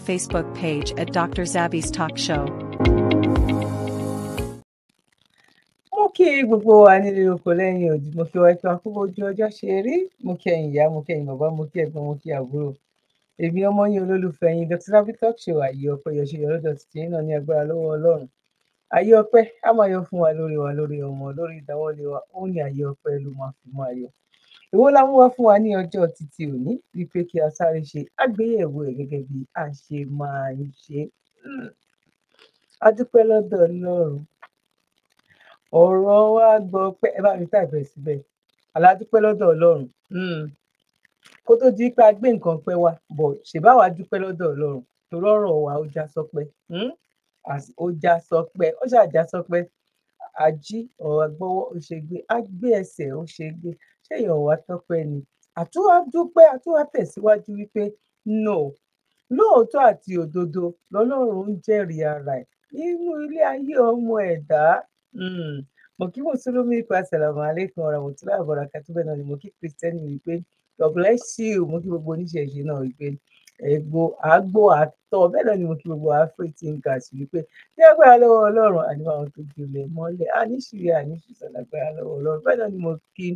Facebook page at Dr. Zabby's Talk Show. mo kí gbogbo wa oko lẹ́yìn òdì mo kí wá ètò àkóbójú ọjọ́ ṣe rí mo kí ẹ̀yin ìyá mo kí ẹ̀yin bàbá mo kí ẹ̀gbọ́n mo kí àbúrò èmi ọmọ yín olólùfẹ́ yín Dr. Zabby's Talk Show àyè ọpẹ́ yọṣẹ yọlọdọ títí náà ní agbára lọ́wọ́ Ọlọ́run ayé ọpẹ́ á máa yọ fún wa lórí wa lórí ọmọ lórí ìdáwọ́lé wa ó ní ayé ọpẹ́ ló máa fi mú ayọ̀ èwo la mú wá fún wa ní ọjọ́ títí òní bíi pé kí a sáré ṣe àgbéyẹ̀wò ẹ̀ gẹ́gẹ́ bí a ṣe máa ń ṣe a dúpẹ́ lọ́dọ̀ Ọlọ́run ọ̀rọ̀ wa gbọ́ pé ẹ bá mi tàbẹ̀ síbẹ̀ aládúpẹ́ lọ́dọ̀ Ọlọ́run hmm. kó tó di pé a gbé nǹkan pẹ́ wa bọ̀ ṣèbáwa dúpẹ́ lọ́dọ̀ Ọlọ́run tó rọ̀rọ̀ wa ó já sọpẹ́ hmm. ó já sọpẹ́ ó ṣàjá sọpẹ́ ají ọ̀rọ̀ gbọ́wọ́ ó ṣe gbé á gbé ẹsẹ̀ ó ṣe gbé kéèyàn ò wá tọ́pẹ́ ni àtúwá dúpẹ́ àtúwá tẹ̀síwájú wípé no lóòótọ́ àti òdodo lọ́lọ́run ń jẹ́rìí ara ẹ̀ nínú ilé ayé ọmọ ẹ̀dá mo hmm, kí mùsùlùmí ipa sàlámù alẹ́kùn ọ̀rọ̀ mùtúlá àbọ̀rọ̀ kàtúbẹ̀ náà ni mo kí kìrìsìtẹ́nì wípé God bless you mo kí gbogbo oníṣẹ̀ṣe náà wípé ẹ̀gbọ́ àgbo àtọ̀ bẹ́ẹ̀ náà ni mo kí gbogbo african gas wípé ní agbára lọ́wọ́ ọlọ́run àníwá àwọn tó gbilẹ̀ mọ́lẹ̀ àníṣìírí àníṣìí sọ̀lágbára lọ́wọ́ ọlọ́run bẹ́ẹ̀ náà ni mo kí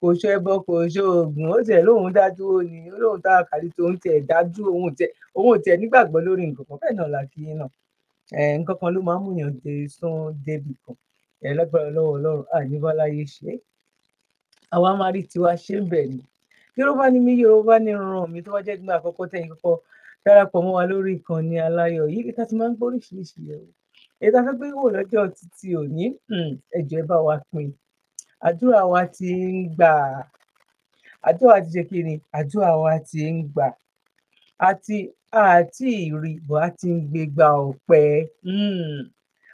kò ṣẹbọ kò ṣe oògùn ó tiẹ̀ lóun dá dúró ni lóun tá a kàlí tó ń tiẹ̀ dá dúró òun tiẹ̀ òun tiẹ̀ nígbàgbọ́ lórí nǹkan kan bẹ́ẹ̀ náà làfi yín náà nǹkan kan ló máa ń múyàn dé sún débì kan ẹ lágbára lọ́wọ́ Ọlọ́run àníbáláyé ṣe àwa máa rí tiwa ṣe ń bẹ ni Yorùbá ni mí Yorùbá ni ràn mí tó bá jẹ́ gbà àkọ́kọ́ tẹ̀yìn kọ́kọ́ darapọ̀ mọ́ wa lórí ìkànnì aláyọ̀ yìí kí ti máa ń gbóríṣiríṣi yẹ̀wò èyí tá wò lọ́jọ́ títí òní hmm, ẹ̀jọ̀ bá wa pín àdúrà wa ti ń gbà àdúrà wa ti ṣe kí ni àdúrà wa ti ń gbà àti àti ìrì bó a ti ń gbégbá ọpẹ́ hmm.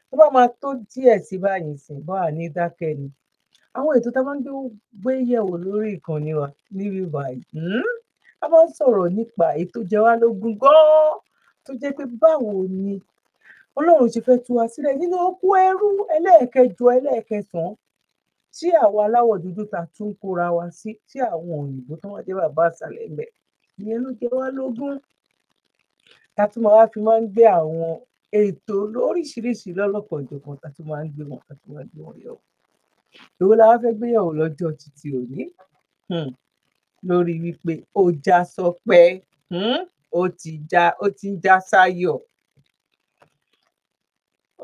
tó bá máa tó díẹ̀ sí báyìí sìn bá a ní dákẹ́ ni àwọn ètò tá a máa ń gbé yẹ̀wò lórí ìkànnì wa níbí báyìí hmm. a máa ń sọ̀rọ̀ nípa ètò jẹ wá lógún gan tó jẹ́ pé báwo ni Ọlọ́run ṣe fẹ́ tú wa sílẹ̀ nínú okú ẹrú ẹlẹ́ẹ̀kẹjọ ẹlẹ́ẹ̀kẹsàn tí àwọn aláwọ̀ dúdú ta tún kóra wa sí tí àwọn òyìnbó tí wọ́n jẹ́ bàbá àṣàlẹ̀ ń bẹ̀ ìyẹn ló jẹ wá lógún ta tún máa fi máa ń gbé àwọn ètò lóríṣiríṣi lọ́lọ́pọ̀ ìjọ̀kan ta tún máa ń gbé wọn ta tún máa ń gbé wọn yẹ̀wò èwo la wá fẹ́ gbéyàwó lọ́jọ́ títí òní hmm, lórí wípé ó já sọpẹ hmm, ó ó ti ń já sáyọ̀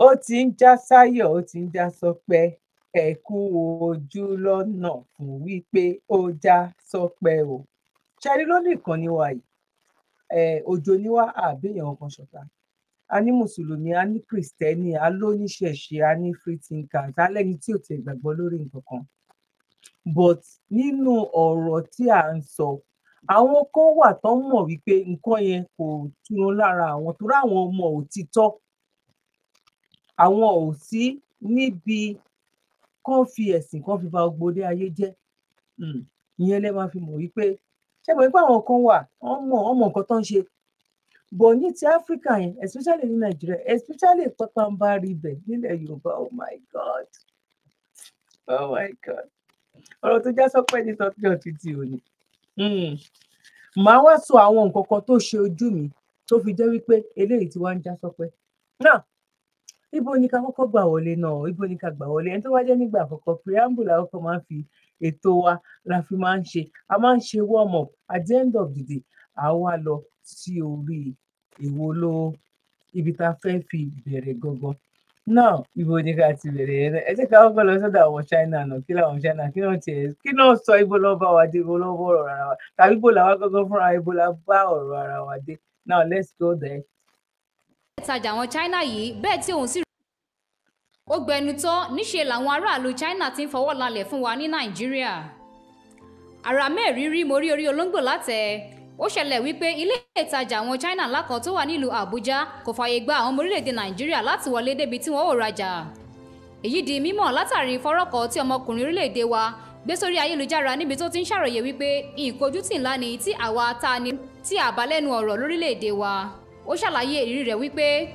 ó ti ń já sáyọ̀ ó ti ń já sọpẹ́ ẹ kú ojú lọ́nà fún wípé ó já sọ́pẹ́ o ṣẹ́rí lónìí kan níwá yìí òjò níwá àbẹ̀yàn kan ṣọ̀tá a ní mùsùlùmí a ní kìrìsìtẹ́nì a lóníṣẹ̀ṣe a ní free thinkers a lẹ́ni tí ò ti gbàgbọ́ lórí nǹkan kan but nínú ọ̀rọ̀ tí à ń sọ àwọn kan wà tó mọ̀ wípé nǹkan yẹn kò túnú lára àwọn torí àwọn ọmọ òtítọ́ àwọn ò sí níbi kán fi ẹ̀sìn kán fi ba ogbodé ayé jẹ́ hmm, ìyẹn lẹ́ máa fi mọ̀ wípé ṣé mo ní pé àwọn kan wà wọ́n mọ̀ wọ́n mọ̀ nǹkan tó ń ṣe bọ̀ ní ti áfíríkà yẹn especially ní nàìjíríà especially pápánbá ribẹ̀ nílẹ̀ yorùbá oh my god oh my god ọ̀rọ̀ tó já sọ́pẹ́ ní tọ́jọ́ títí òní màá wá sọ àwọn nǹkan kan tó ṣe ojú mi tó fi jẹ́ wípé eléyìí tí wàá ń já sọ́pẹ́ náà ibo ni ká kọ́kọ́ gbà wọlé náà ibo ni ká gbà wọlé ẹni tó wá jẹ́ nígbà àkọ́kọ́ preamble la kọ́kọ́ máa ń fi ètò wa la fi máa ń ṣe a máa ń ṣe warm up at the end of the day a wá lọ sí orí èwo ló ibi tá a fẹ́ fi bẹ̀rẹ̀ gangan náà ibo ni ká ti bẹ̀rẹ̀ yẹn náà ẹ jẹ́ ká kọ́kọ́ lọ sọ́dọ̀ àwọn China náà kí làwọn China kí náà tiẹ̀ kí náà sọ ibo lọ́ bá wa dé ibo lọ́ ọ̀rọ̀ ara wa tàbí ibo làwa gangan fúnra ibo la now let's go there ìtajà àwọn China yìí bẹ́ẹ̀ tí òun sì ó gbẹnutọ́ níṣe làwọn aráàlú China ti ń fọwọ́ lálẹ̀ fún wa ní Nàìjíríà àrà mẹ́rìírí mo rí orí olóńgbò látẹ̀ ó ṣẹlẹ̀ wípé ilé ìtajà àwọn China ńlá tó wà nílùú Àbújá kò fààyè gba àwọn ọmọ orílẹ̀-èdè Nàìjíríà láti wọlé débi tí wọ́n ò rajà èyí di mímọ̀ látàrí fọ́rọ̀ tí ọmọkùnrin orílẹ̀-èdè wa gbé sórí ayélujára níbi tó ti ń ṣàròyé wípé ìkójútì ńlá ni tí àwa ta ni tí àbálẹ́nu ọ̀rọ̀ lórílẹ̀-èdè wa ó ṣàlàyé ìrírí rẹ̀ wípé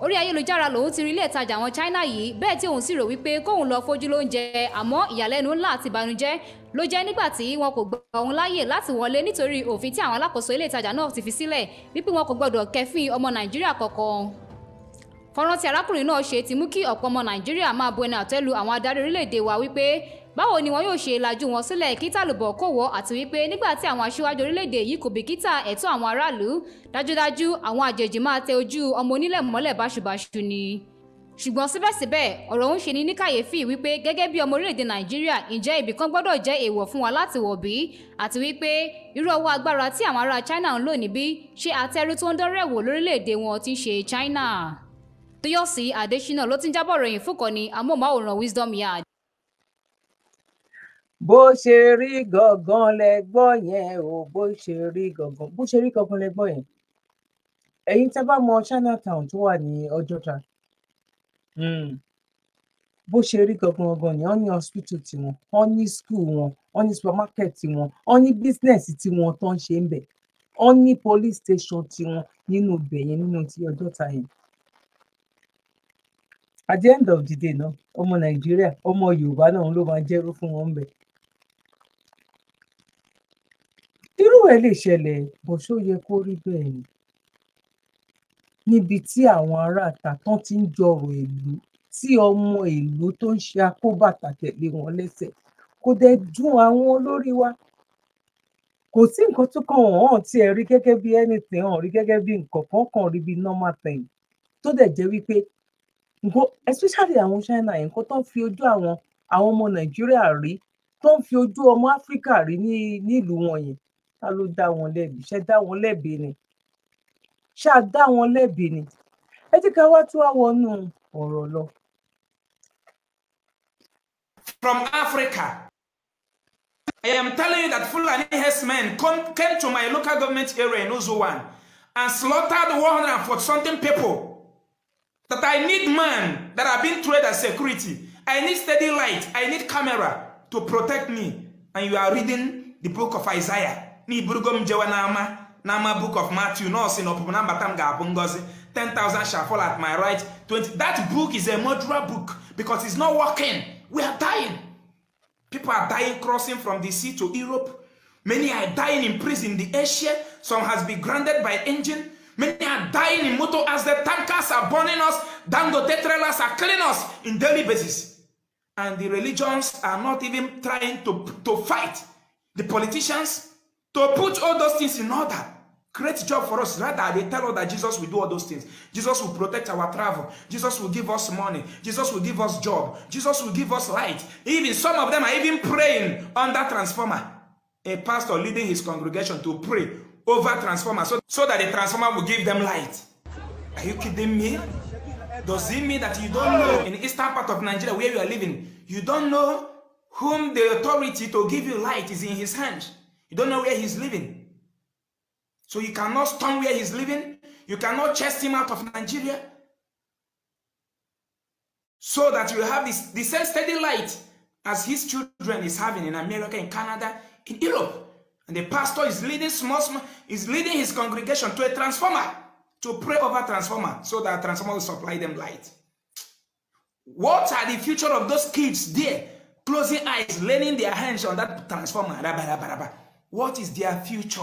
orí ayélujára lòun ti rí ilé ìtajà àwọn China yìí bẹ́ẹ̀ tí òun sì rò wípé kóun lọ fojú lóúnjẹ àmọ́ ìyàlẹ́nu ńlá àti ìbànújẹ́ ló jẹ́ nígbà tí wọn kò gba òun láàyè láti wọlé nítorí òfin tí àwọn alákòóso ilé ìtajà náà ti fi sílẹ̀ wípé wọn kò gbọdọ̀ kẹfìn ọmọ Nàìjíríà kankan fọ́nrán tí arákùnrin náà ṣe ti mú kí ọ̀pọ̀ ọmọ Nàìjíríà máa bu ẹnu àtẹ́ àwọn adarí orílẹ̀ wa wípé báwo ni wọn yóò ṣe lajú wọn sílẹ̀ kí tàlùbọ̀ kò àti wípé nígbà tí àwọn aṣíwájú orílẹ̀-èdè yìí kò bìkítà ẹ̀tọ́ àwọn aráàlú dájúdájú àwọn àjèjì máa tẹ ojú ọmọ onílẹ̀ mọ́lẹ̀ báṣubàṣu ni ṣùgbọ́n síbẹ̀síbẹ̀ ọ̀rọ̀ ń ṣe ni ní kàyéfì wípé gẹ́gẹ́ bí ọmọ orílẹ̀-èdè nàìjíríà ǹjẹ́ ibì kan gbọ́dọ̀ jẹ́ èèwọ̀ fún wa láti wọ̀ bí àti wípé irú ọwọ́ agbára tí àwọn ará china ń lò níbí ṣe àtẹrù tó ń dọ́rẹ̀ lórílẹ̀-èdè wọn ti ń ṣe china. tóyọ̀sí adésínà ló ti ń jábọ̀ ròyìn fúnkọ́ ní amóhùnmáwòrán wisdom yard bó ṣe rí gangan lẹ gbọ́ yẹn o bó ṣe rí gangan bó ṣe rí gangan lẹ gbọ́ yẹn ẹ̀yin tẹ́ bá mọ Chinatown tó wà ní Ọjọ́ta hmm. bó ṣe rí gangan gangan ni wọ́n ní hospital tiwọn wọ́n ní school wọn wọ́n ní supermarket tiwọn wọ́n ní business tiwọn tó ń ṣe ń bẹ̀ wọ́n ní police station tiwọn nínú ibẹ̀ yẹn nínú ti Ọjọ́ta yẹn at the end of the day náà ọmọ Nàìjíríà ọmọ Yorùbá náà ló máa jẹ́rú fún wọn bẹ́ẹ̀. irú ẹ̀ lè ṣẹlẹ̀ bó ṣó yẹ kó rí bẹ́ẹ̀ ni níbi tí àwọn aráàta tán ti ń jọrọ̀ ìlú tí ọmọ ìlú tó ń ṣe akóbàtà tẹ̀lé wọn lẹ́sẹ̀ kò dẹ̀ dùn àwọn olórí wa kò sí nǹkan tó kàn wọ́n hàn tí ẹ rí gẹ́gẹ́ bí anything hàn rí gẹ́gẹ́ bí nǹkan kan rí bí normal thing tó dẹ̀ jẹ́ wípé nǹkan especially àwọn China yẹn nǹkan tó ń fi ojú àwọn àwọn ọmọ Nàìjíríà rí tó ń fi ojú ọmọ Áfíríkà rí ní nílùú wọn yẹn ta ló dá wọn lẹ́bi ṣe dá wọn lẹ́bi ni ṣá dá wọn lẹ́bi ni ẹ ti ká wá tún wá wọnú ọ̀rọ̀ lọ. From Africa. I am telling you that Fulani herdsmen came to my local government area in Uzuwan and slaughtered one hundred and forty something people. That I need man that have been trained as security. I need steady light. I need camera to protect me. And you are reading the book of Isaiah na iburugo m jewe n'ama n'ama book of Matthew nọọsụ na ọpụpụ na mbata m ga-abụ ngọzi 10,000 shall fall at my right 20 that book is a murderer book because it's not working we are dying people are dying crossing from the sea to Europe many are dying in prison in the Asia some has been grounded by engine Many are dying in motor as the tankers are burning us, Dangote trailers are killing us in daily basis. And the religions are not even trying to, to fight. The politicians, to put all those things in order create job for us rather they tell us that jesus will do all those things jesus will protect our travel jesus will give us money jesus will give us job jesus will give us light even some of them are even praying on that transformer a pastor leading his congregation to pray over transformer so, so that the transformer will give them light are you kidding me does it mean that you don't know in eastern part of nigeria where you are living you don't know whom the authority to give you light is in his hands. You don't know where he's living. So you cannot storm where he's living. You cannot chase him out of Nigeria. So that you have this, the same steady light as his children is having in America, in Canada, in Europe. And the pastor is leading small, small is leading his congregation to a transformer, to pray over transformer, so that transformer will supply them light. What are the future of those kids there, closing eyes, laying their hands on that transformer? What is their future?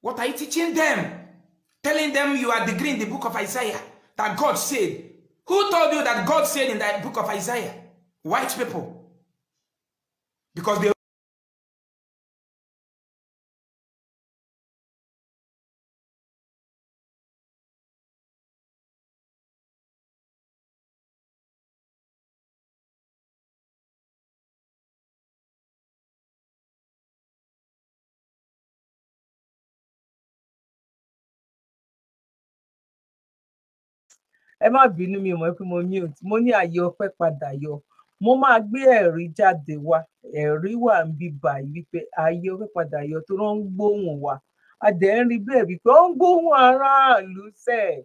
What are you teaching them? Telling them you are degree in the book of Isaiah that God said. Who told you that God said in that book of Isaiah? White people. Because they ẹ má bínú mi mọ̀ pé mo mute mo ní ààyè ọpẹ́ padà yọ mo máa gbé ẹ̀rí jáde wá ẹ̀rí wà ń bí báyìí wípé ààyè ọpẹ́ padà yọ tó rán ń gbóhùn wa a dẹ̀ ń rí bẹ́ẹ̀ wípé ó ń gbóhùn aráàlú sẹ̀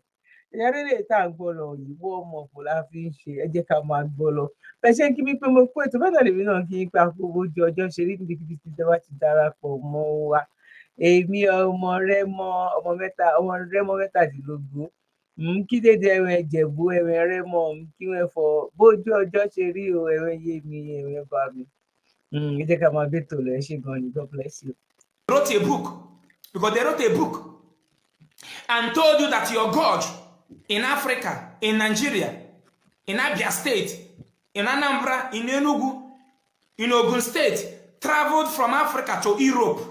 ẹ̀rí lè tá à ń gbọ́ lọ ìwọ ọmọ kò la fi ń ṣe ẹ jẹ́ ká máa gbọ́ lọ bẹ́ẹ̀ ṣe ń kí mi pé mo pé ètò bẹ́ẹ̀ lèmi náà kí n pa owó ju ọjọ́ ṣe rí níbikíbi tí ìjọba ti darapọ̀ mọ́ wa èmi ọmọ rẹ mọ ọmọ mẹ́ta ọmọ rẹ mọ mẹ́tàdínlógún kí dédé ẹ̀wọ̀n ẹ̀jẹ̀bú ẹ̀wọ̀n ẹ̀rẹ́mọ̀ kí wọ́n fọ bójú ọjọ́ ṣe rí o ẹ̀wọ̀n yé mi ẹ̀wọ̀n bá mi hmm, jẹ́ ká máa gbé tò lọ ṣe gan ni God bless you. They wrote a book because they wrote a book and told you that your God in Africa, in Nigeria, in Abia State, in Anambra, in Enugu, in Ogun State, travelled from Africa to Europe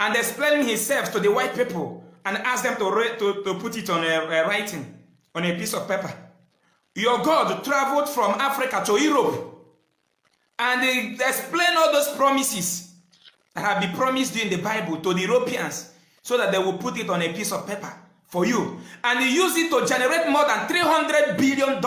and explained himself to the white people and ask them to, to, to put it on a, uh, a uh, writing, on a piece of paper. Your God traveled from Africa to Europe and explain all those promises that have been promised in the Bible to the Europeans so that they will put it on a piece of paper for you. And he used it to generate more than $300 billion.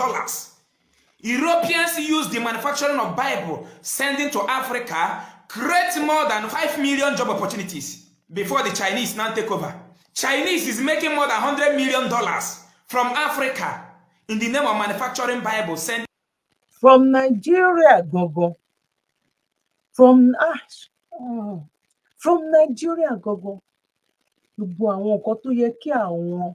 Europeans use the manufacturing of Bible sending to Africa create more than 5 million job opportunities before the Chinese now take over. Chinese is making more than 100 million dollars from Africa in the name of manufacturing Bible send from Nigeria gogo from ah, from Nigeria gogo gbogbo àwọn nǹkan tó yẹ kí àwọn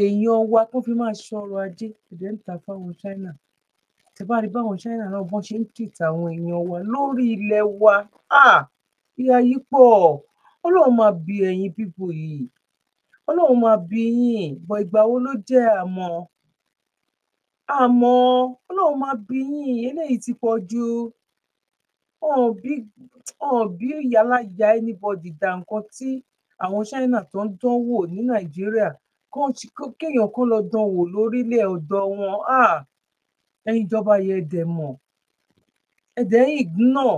èèyàn wa kó fi máa ṣọrọ̀ ajé ìdẹ́ ń ta fáwọn China tẹ́bárí báwọn China náà bọ́n ṣe ń tìta àwọn èèyàn wa lórí ilẹ̀ wa ah, ìyà yìí pọ̀ ọlọ́run máa bi ẹ̀yin pípò yìí ọlọ́run máa bi yín bọ̀ ìgbà wo ló jẹ́ àmọ́ àmọ́ ọlọ́run máa bi yín eléyìí ti pọ̀ ju ọ̀n bí ìyálàyà anybody dá nǹkan tí àwọn China tó ń dánwò ní Nàìjíríà kéèyàn kan lọ dánwò lórílẹ̀ ọ̀dọ̀ wọn ah! ẹ̀yin ìjọba yẹn dẹ̀ mọ̀ ẹ̀dẹ̀ yìí náà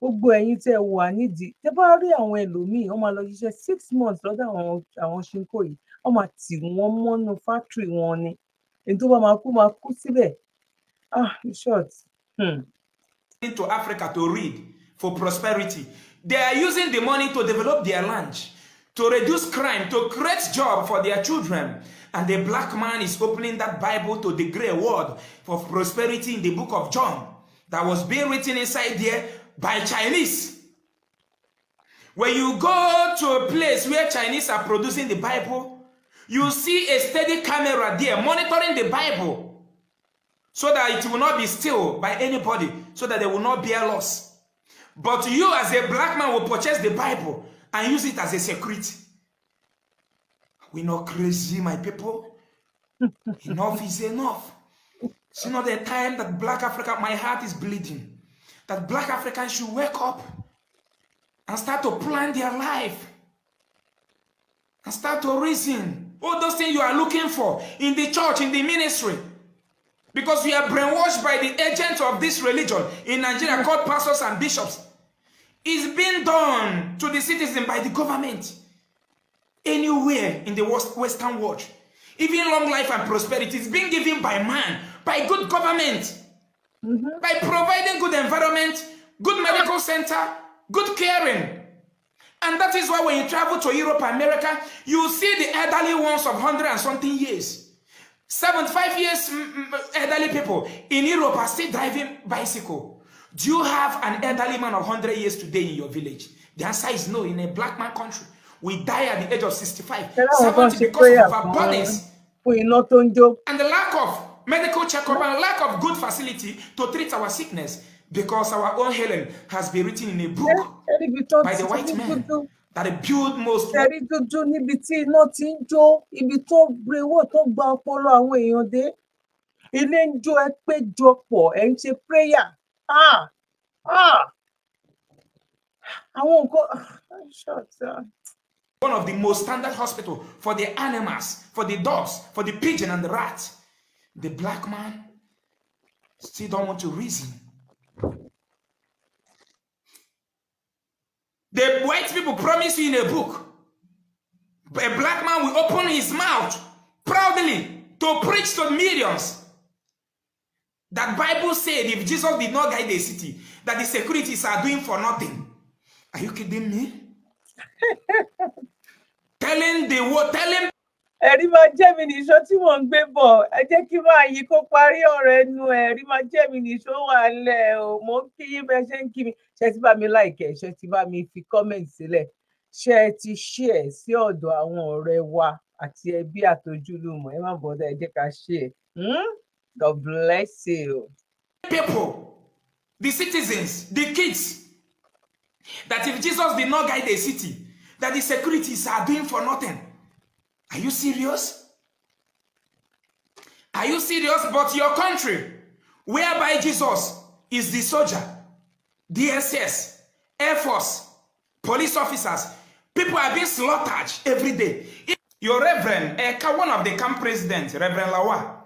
gbogbo ẹ̀yin tẹ́ wà nídìí tẹ́ bá rí àwọn ẹlòmíín wọ́n máa lọ ṣiṣẹ́ six months lọ́dọ̀ àwọn àwọn ṣinko yìí wọ́n máa tì wọ́n mọ́nú fátìrì wọn ni èyí tó bá máa kú máa kú síbẹ̀ ah in short. Hmm. to Africa to read for prosperity they are using the money to develop their land to reduce crime to create job for their children and the black man is opening that Bible to the great word for prosperity in the book of John that was being written inside there by Chinese. When you go to a place where Chinese are producing the Bible, you see a steady camera there monitoring the Bible so that it will not be stolen by anybody, so that they will not bear loss. But you as a black man will purchase the Bible and use it as a secret. We're not crazy, my people. enough is enough. It's not the time that black Africa, my heart is bleeding. that black Africans should wake up and start to plan their life and start to reason all those things you are looking for in the church, in the ministry. Because we are brainwashed by the agents of this religion in Nigeria mm. called pastors and bishops. It's being done to the citizen by the government anywhere in the Western world. Even long life and prosperity is being given by man, by good government. Mm -hmm. By providing good environment, good medical center, good caring. And that is why when you travel to Europe, America, you see the elderly ones of 100 and something years. 75 years mm, mm, mm, elderly people in Europe are still driving bicycle. Do you have an elderly man of 100 years today in your village? The answer is no. In a black man country, we die at the age of 65, Hello, 70 because of our bodies. And the lack of medical checkup and lack of good facility to treat our sickness because our own healing has been written in a book by the white man that they build most. ẹ̀rí dúdú níbi tí iná ti ń jó ibi tó brewó tó gba ọpọlọ àwọn èèyàn dé ilé ń jó ẹ péjọpọ̀ ẹ ń ṣe prayer ah ah àwọn nǹkan. Ah, One of the most standard hospital for the animals, for the dogs, for the pigeon and the rat. The black man still don't want to reason. The white people promise you in a book. A black man will open his mouth proudly to preach to millions. That Bible said if Jesus did not guide the city, that the securities are doing for nothing. Are you kidding me? telling the world, telling ẹ̀rí máa jẹ́ mi nìṣó tí mò ń gbé bọ̀ ẹ jẹ́ kí máa yí kó parí ọ̀rọ̀ ẹnu ẹ̀rí máa jẹ́ mi nìṣó wà lẹ̀ o mò ń kí yín bẹ́ẹ̀ ṣe ń kí mi ṣe ti bá mi láìkẹ́ ṣe ti bá mi fi comment sílẹ̀ ṣe ti ṣí ẹ̀ sí ọ̀dọ̀ àwọn ọ̀rẹ́ wa àti ẹbí àtojúlùmọ̀ ẹ má bọ̀dọ̀ ẹ jẹ́ ká ṣe é hmm? God bless you. People, the citizens, the kids, that if Jesus did not guide the city, that the securities are doing for nothing. Are you serious? Are you serious? But your country, whereby Jesus is the soldier, DSS, Air Force, police officers, people are being slaughtered every day. Your Reverend, one of the camp presidents, Reverend Lawa,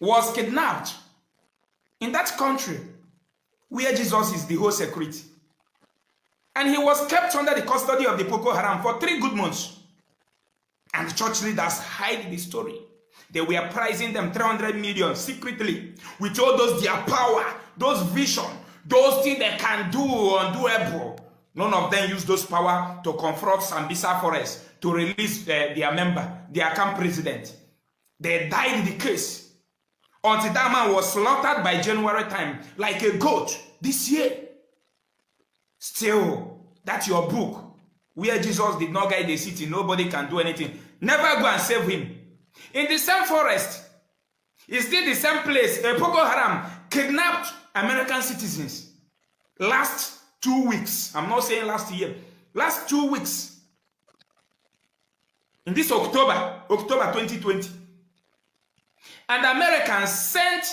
was kidnapped in that country where Jesus is the whole security. And he was kept under the custody of the Boko Haram for three good months and church leaders hide the story. They were pricing them 300 million secretly. We told those their power, those vision, those things they can do doable. None of them used those power to confront Sambisa Forest to release uh, their member, their camp president. They died in the case until that man was slaughtered by January time like a goat this year. Still, that's your book. Where Jesus did not guide the city, nobody can do anything. Never go and save him. In the same forest, it's still the same place, a Boko Haram kidnapped American citizens last two weeks. I'm not saying last year. Last two weeks. In this October, October 2020. And Americans sent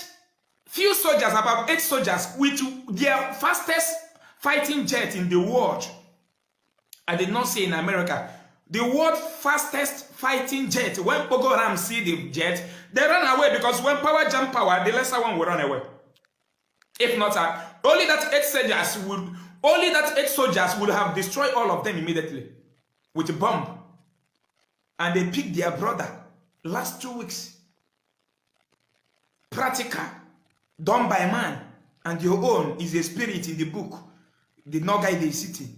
few soldiers, about eight soldiers, with their fastest fighting jet in the world I did not see in America. The world fastest fighting jet, when Pogo Ram see the jet, they run away because when power jump power, the lesser one will run away. If not, uh, only that eight soldiers would only that eight soldiers would have destroyed all of them immediately with a bomb. And they picked their brother last two weeks. Practical, done by man, and your own is a spirit in the book. Did not guide the city.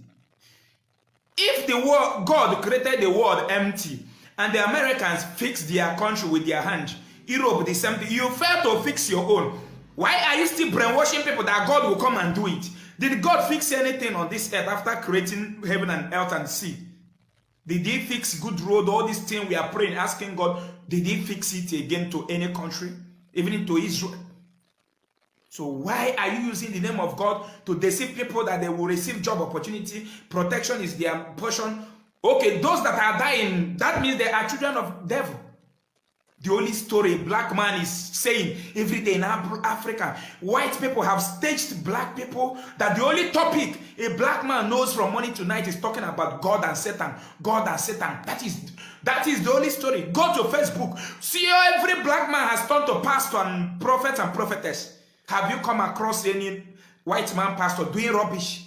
If the world, God created the world empty and the Americans fix their country with their hand, Europe the same thing, you fail to fix your own. Why are you still brainwashing people that God will come and do it? Did God fix anything on this earth after creating heaven and earth and sea? Did he fix good road, all these things we are praying, asking God, did he fix it again to any country? Even to Israel? So why are you using the name of God to deceive people that they will receive job opportunity? Protection is their portion. Okay, those that are dying, that means they are children of devil. The only story black man is saying every day in Africa, white people have staged black people that the only topic a black man knows from morning to night is talking about God and Satan. God and Satan. That is that is the only story. Go to Facebook. See how every black man has turned to pastor and prophet and prophetess. Have you come across any white man pastor doing rubbish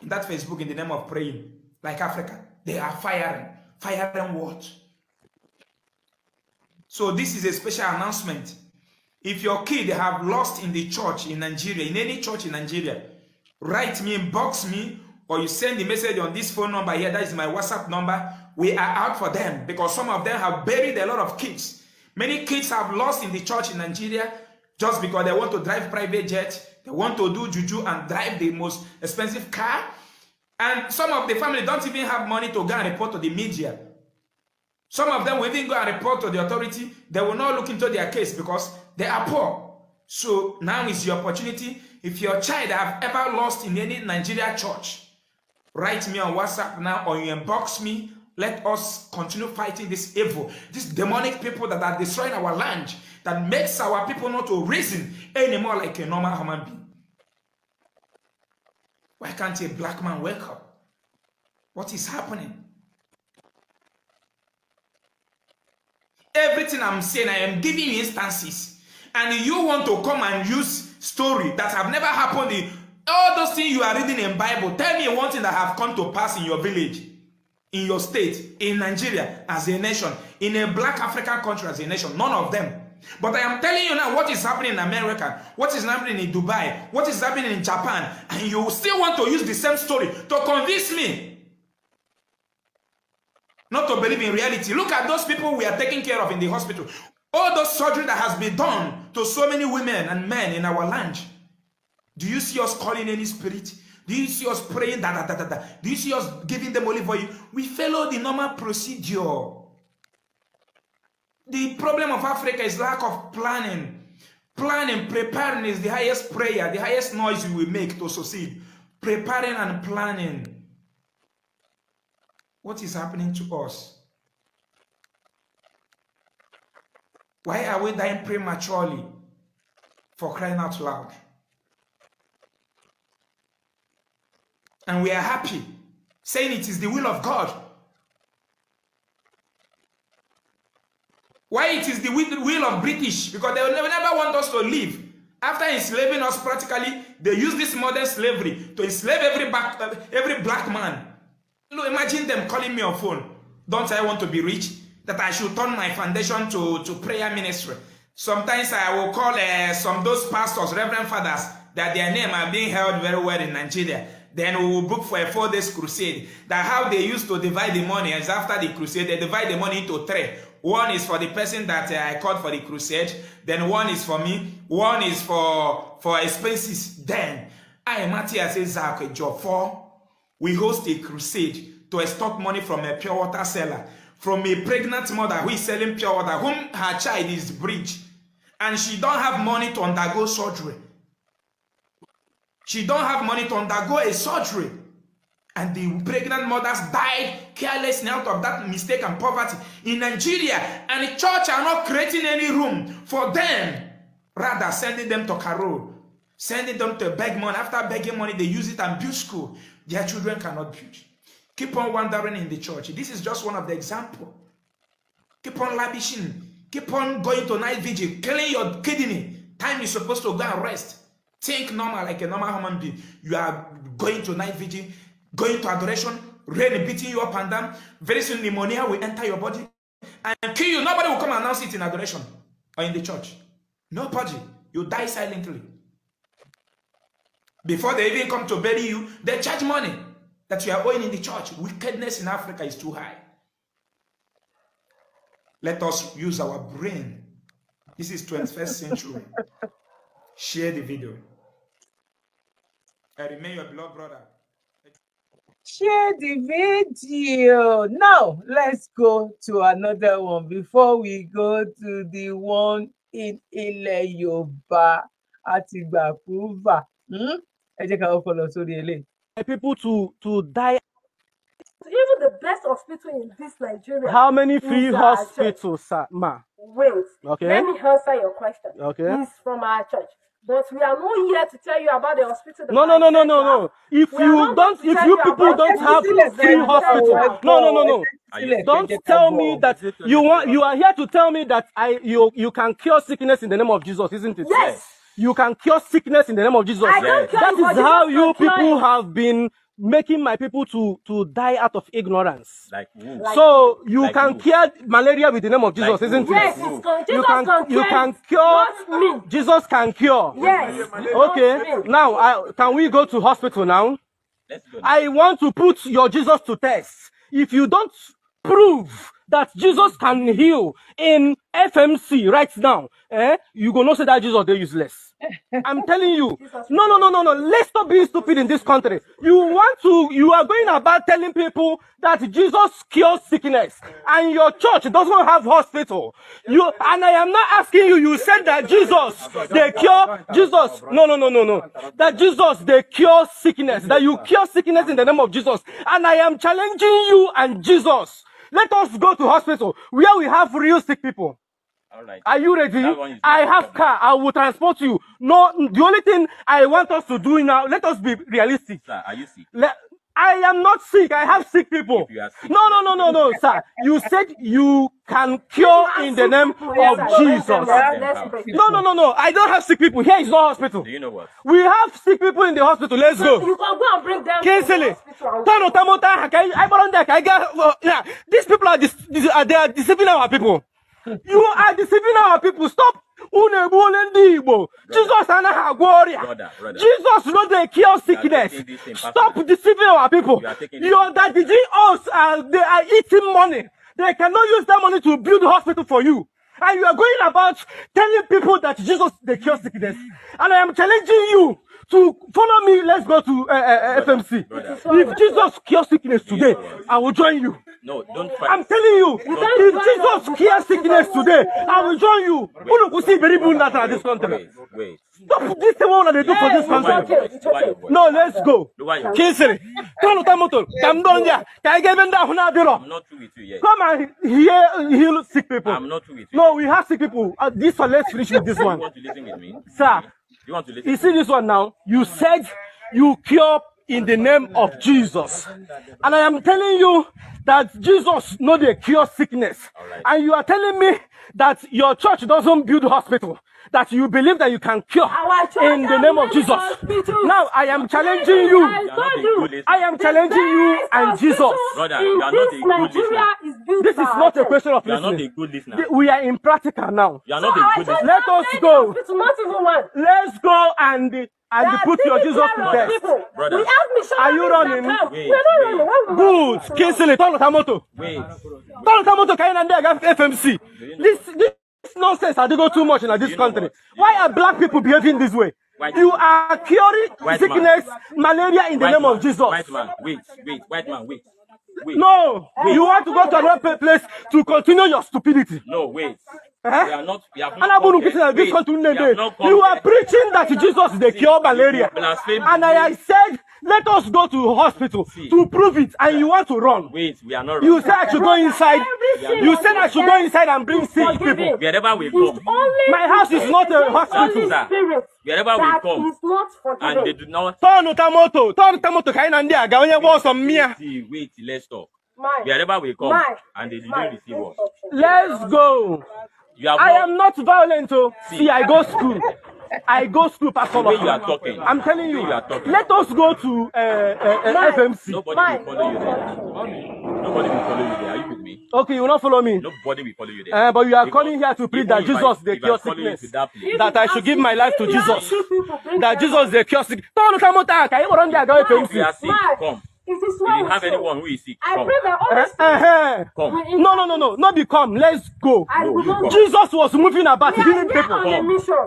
in that Facebook in the name of praying? Like Africa, they are firing. Firing what? So this is a special announcement. If your kid have lost in the church in Nigeria, in any church in Nigeria, write me, inbox me, or you send the message on this phone number here. That is my WhatsApp number. We are out for them because some of them have buried a lot of kids. Many kids have lost in the church in Nigeria just because they want to drive private jet, they want to do juju and drive the most expensive car. And some of the family don't even have money to go and report to the media. Some of them will even go and report to the authority. They will not look into their case because they are poor. So now is your opportunity. If your child have ever lost in any Nigeria church, write me on WhatsApp now or you inbox me. Let us continue fighting this evil, these demonic people that are destroying our land that makes our people not to reason anymore like a normal human being. Why can't a black man wake up? What is happening? Everything I'm saying, I am giving you instances. And you want to come and use story that have never happened in all those things you are reading in Bible. Tell me one thing that have come to pass in your village, in your state, in Nigeria as a nation, in a black African country as a nation. None of them. But I am telling you now what is happening in America, what is happening in Dubai, what is happening in Japan, and you still want to use the same story to convince me not to believe in reality. Look at those people we are taking care of in the hospital. All those surgery that has been done to so many women and men in our land. Do you see us calling any spirit? Do you see us praying? Da, da, da, da, da? Do you see us giving them olive oil? We follow the normal procedure. The problem of Africa is lack of planning. Planning, preparing is the highest prayer, the highest noise you will make to succeed. Preparing and planning. What is happening to us? Why are we dying prematurely for crying out loud? And we are happy saying it is the will of God why it is the will of British, because they will never want us to live. After enslaving us practically, they use this modern slavery to enslave every, back, uh, every black man. You know, imagine them calling me on phone. Don't I want to be rich? That I should turn my foundation to, to prayer ministry. Sometimes I will call uh, some those pastors, reverend fathers, that their name are being held very well in Nigeria. Then we will book for a four days crusade. That how they used to divide the money is after the crusade, they divide the money into three. One is for the person that uh, I called for the crusade. Then one is for me. One is for, for expenses. Then I, am at here Matthias job Jofo, we host a crusade to extort money from a pure water seller, from a pregnant mother who is selling pure water, whom her child is breech, and she don't have money to undergo surgery. She don't have money to undergo a surgery. And the pregnant mothers died carelessly out of that mistake and poverty in Nigeria. And the church are not creating any room for them, rather sending them to Carol, sending them to beg money. After begging money, they use it and build school. Their children cannot build. Keep on wandering in the church. This is just one of the example. Keep on lavishing. Keep on going to night vigil, killing your kidney. Time is supposed to go and rest. Think normal like a normal human being. You are going to night vigil. going to adoration, rain beating you up and down. Very soon pneumonia will enter your body and kill you. Nobody will come and announce it in adoration or in the church. No Nobody. You die silently. Before they even come to bury you, they charge money that you are owing in the church. Wickedness in Africa is too high. Let us use our brain. This is 21st century. Share the video. I remain your blood brother. share the video. Now, let's go to another one before we go to the one in Ilẹ̀ Yorùbá àti Gbàkúgbà. Hmm? Ẹ jẹ́ ká ọkọ̀ lọ sórí People to to die. Even the best hospital in this Nigeria. How many free hospitals, sir, ma? Wait. Okay. Let me answer your question. Okay. He's from our church. But we are not here to tell you about the hospital. no, no, no, no, no, no. If you don't, if you people don't have free hospital, no, no, no, no. Don't tell me that you want. You are here to tell me that I you you can cure sickness in the name of Jesus, isn't it? Yes. You can cure sickness in the name of Jesus. I yes. That is how you people have been making my people to to die out of ignorance. Like who? so who? you like can cure malaria with the name of Jesus, like isn't who? it? Yes, it's Jesus you can, can you can cure. Jesus can cure. Yes. Okay. Now, I, can we go to hospital now? Let's go. Now. I want to put your Jesus to test. If you don't prove that Jesus can heal in FMC right now, eh, you gonna say that Jesus is useless. I'm telling you. No, no, no, no, no. Let's stop being stupid in this country. You want to, you are going about telling people that Jesus cures sickness and your church doesn't have hospital. You, and I am not asking you, you said that Jesus, they cure, Jesus, no, no, no, no, no. That Jesus, they cure sickness, that you cure sickness in the name of Jesus. And I am challenging you and Jesus. Let us go to hospital where we have real sick people. All right. Are you ready? I have car. I will transport you. No, the only thing I want us to do now, let us be realistic. Sir, are you sick? I am not sick. I have sick people. Sick, no, no, no, no, no, sir. You said you can cure in the name of Jesus. No, no, no, no. I don't have sick people. Here is no hospital. Do you know what? We have sick people in the hospital. Let's go. You can go and bring them i to the hospital. Uh, these people are, dis- are, uh, they are deceiving our people you are deceiving our people. Stop. Jesus and I warrior. Jesus not the cure sickness. Stop deceiving our people. You are that us and they are eating money. They cannot use that money to build hospital for you. And you are going about telling people that Jesus the cure sickness. And I am challenging you to follow me. Let's go to uh, uh, FMC. brother. If Jesus cures sickness today, I will join you. No, don't try. I'm telling you, if Jesus cures sickness today, I will join you. We Unu kusi beribu nata this country. Wait. wait. Stop this thing what they do for this country. No, let's go. Kinsiri, turn to motor. Come down there. Can I get in there now, Dilo? I'm not with you yet. Come and heal, heal sick people. I'm not with you. No, we have sick people. Uh, this one, let's finish with this one. You want to listen with me? Sir. You want to listen? You see this one now? You said you cure in the name of Jesus. And I am telling you that Jesus know the cure sickness. Right. And you are telling me that your church doesn't build hospital. That you believe that you can cure in the name of Jesus. Now I am challenging you. I am challenging you and Jesus. Brother, you are not a good listener. This is not a question of listening. We are impractical now. You are not a good listener. Let us go. Let's go and and That's put your Jesus to death. Brother. We have missionaries Are you running? Wait, We're not running. Wait. Good. Kinsele, Tolu Tamoto. Wait. Tolu Tamoto, Kayanandega, FMC. This, this nonsense, I go too much in this country. Why are black people behaving this way? White you man. are curing white sickness, man. malaria in the white name man. of Jesus. White man, wait, wait, white man, wait. wait. No, wait. you want to go to another place to continue your stupidity. No, wait. Eh? We are not. We have not come Wait, we not you are preaching that Jesus is the cure malaria, and I, said, let us go to hospital See, to prove it, and yeah. you want to run. Wait, we are not. Running. You said I should go inside. You said I should go inside and bring sick people. Wherever we go, my house is not a hospital. Wherever we come, and they do not. Turn utamoto, turn utamoto. Kaina ndi aga onye bo some mia. Wait, let's talk. Wherever we come, and they do not receive us. Let's go. You have I am not violent, oh. See, See I go school. I go school, Pastor. The way you are talking. I'm telling you. you are Let us go to uh, uh, My, FMC. Nobody will follow you there. Nobody will follow you there. Are you with me? Okay, you will not follow me. Nobody will follow you there. Uh, but you are because calling here to plead that Jesus the cure sickness. That, that I should give my life to Jesus. that Jesus the cure sickness. Come. It is well. Do you have so. anyone who is sick? I come. pray that all uh, uh, come. No, no, no, no, not be come. Let's go. No, Jesus was moving about we healing people.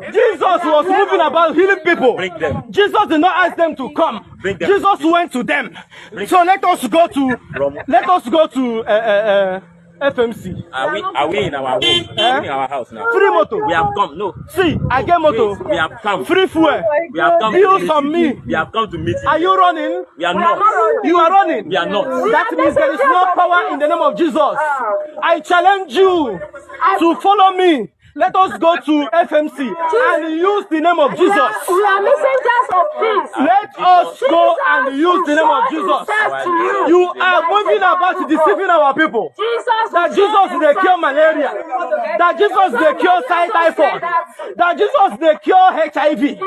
Jesus was moving about healing people. Bring them. Jesus did not ask them to come. Bring them. Jesus went to them. Bring so let us go to. Let us go to. Uh, uh, uh, FMC. Are we are we in our way? Eh? in our house now. Free moto. We have come. No. See, I get moto. Wait, we have come. Free fuel. We have come. Bills from me. We have come to meet you. Are you running? We are not. You are running. We are not. That means there is no power in the name of Jesus. I challenge you to follow me let us go to FMC and use the name of Jesus. We are, messengers of peace. Let us go and use the name of Jesus. You. are moving about deceiving our people. Jesus that Jesus they cure malaria. That Jesus they cure typhoid. That Jesus they cure HIV.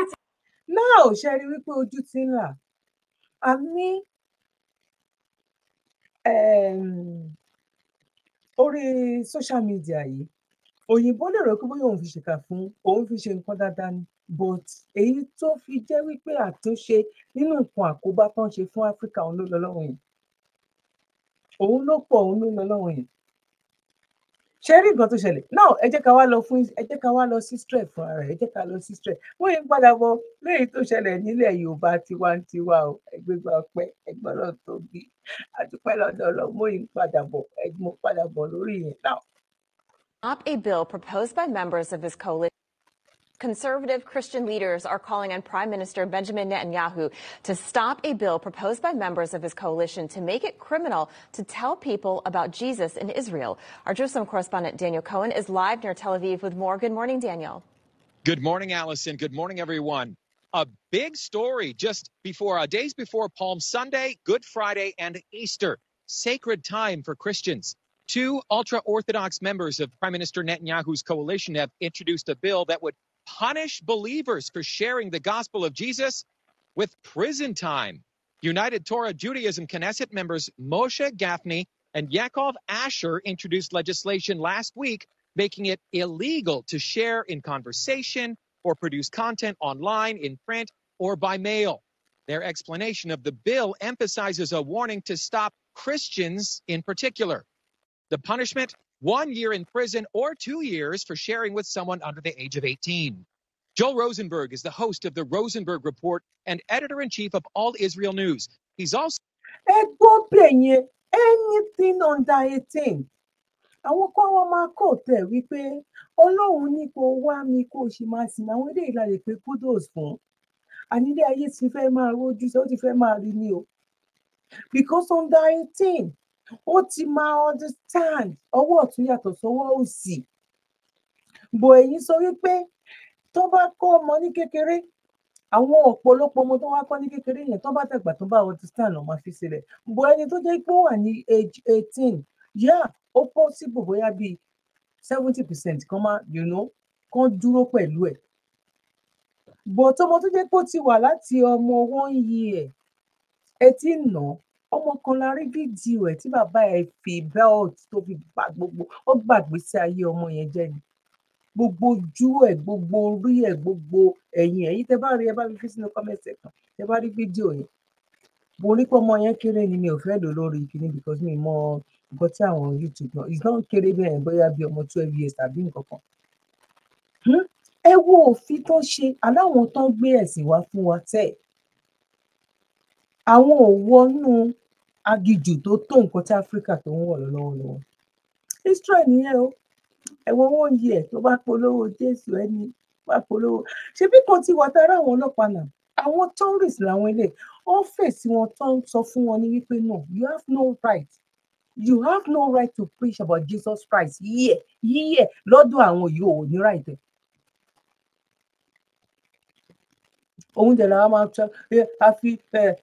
Now, ṣe we wípé ojú ti ń là. A ní ehm, orí social media yìí òyìnbó lè rò pé bóyá òun fi ṣèkà fún òun fi ṣe nǹkan dáadáa ni but èyí tó fi jẹ́ wípé àtúnṣe nínú nǹkan àkóbá tó ń ṣe fún áfíríkà òun ló lọ lọ́wọ́ yẹn òun ló pọ̀ òun ló lọ lọ́wọ́ yẹn ṣe rí nǹkan tó ṣẹlẹ̀ náà ẹ jẹ́ ká wá lọ fún ẹ jẹ́ ká wá lọ sí stress fún ara ẹ jẹ́ ká lọ sí stress wọ́n yẹn padà bọ̀ lẹ́yìn tó ṣẹlẹ̀ nílẹ̀ yorùbá tiwantiwa o ẹgbẹ́gbẹ́ ọpẹ́ ẹgbọ́n náà tóbi àdúpẹ́ lọ́dọ̀ ọlọ́mọ yìí padà bọ̀ ẹ mọ padà bọ̀ lórí yẹn náà Stop a bill proposed by members of his coalition. Conservative Christian leaders are calling on Prime Minister Benjamin Netanyahu to stop a bill proposed by members of his coalition to make it criminal to tell people about Jesus in Israel. Our Jerusalem correspondent Daniel Cohen is live near Tel Aviv with more. Good morning, Daniel. Good morning, Allison. Good morning, everyone. A big story just before, uh, days before Palm Sunday, Good Friday, and Easter. Sacred time for Christians. Two ultra Orthodox members of Prime Minister Netanyahu's coalition have introduced a bill that would punish believers for sharing the gospel of Jesus with prison time. United Torah Judaism Knesset members Moshe Gafni and Yaakov Asher introduced legislation last week making it illegal to share in conversation or produce content online, in print, or by mail. Their explanation of the bill emphasizes a warning to stop Christians in particular the punishment one year in prison or two years for sharing with someone under the age of 18. Joel Rosenberg is the host of the Rosenberg Report and editor in chief of All Israel News. He's also. ẹ tó bẹ̀yẹn anything under eighteen àwọn kan wọn máa kò tẹ̀ wípé ọlọ́run ní kó wá mi kó o ṣe máa sìn àwọn eléyìí la lè pe kudos fún ànílé ayé ti fẹ́ máa rójú tí ó ti fẹ́ máa rí ni o because under eighteen ó ti máa understand ọwọ́ ọ̀tún yàtọ̀ sọ́wọ́ òsì bò èyí sọ wípé tó bá kọ́ ọmọ ní kékeré àwọn ọ̀pọ̀lọpọ̀ ọmọ tó wá kọ́ ní kékeré yẹn tó bá dàgbà tó bá understand lọ́mọ fi sílẹ̀ bò ẹni tó jẹ́ pé ó wà ní age eighteen yá ó possible bóyá bíi seventy percent kan máa you know kan dúró pẹ̀lú ẹ̀ bò tọmọ tó jẹ́ pé ó ti wà láti ọmọ one year etí nà ọmọ kan la rí fídíò ẹ̀ tí bàbá ẹ̀ fi bẹ́ẹ̀tì tó fi bà gbogbo ó gbàgbé sí ayé ọmọ yẹn jẹ́ ni gbogbo ojú ẹ̀ gbogbo orí ẹ̀ gbogbo ẹ̀yìn ẹ̀yìn tẹ bá rí ẹ bá fi fi sínú comment section tẹ bá rí fídíò yẹn mo rí pé ọmọ yẹn kéré ni mi ò fẹ́ lò lórí ìkíní because mi mọ nǹkan tí àwọn YouTube náà ìgbà ń kéré bẹ́ẹ̀ bóyá bí ọmọ twelve years tàbí nǹkan kan hmm? ẹ wo òfin tó ṣe aláwọn tó ń gbé ẹ̀sìn wá fún wa tẹ́ẹ̀ àwọn ò wọnú agijù tó tó nǹkan tí áfíríkà tó ń wọ̀ lọ́wọ́lọ́wọ́ israel nìyẹn o ẹ̀wọ̀ owó yìí ẹ̀ tó bá polówó jésù ẹni bá polówó ṣebí kan ti wà tára àwọn ọlọ́pàá náà àwọn tourist làwọn ilé wọn fèsì wọn tó ń sọ fún wọn ní wípé no you have no right you have no right to preach about Jesus Christ yíyẹ yíyẹ lọ́dọ̀ àwọn yìí ò ní right máa fi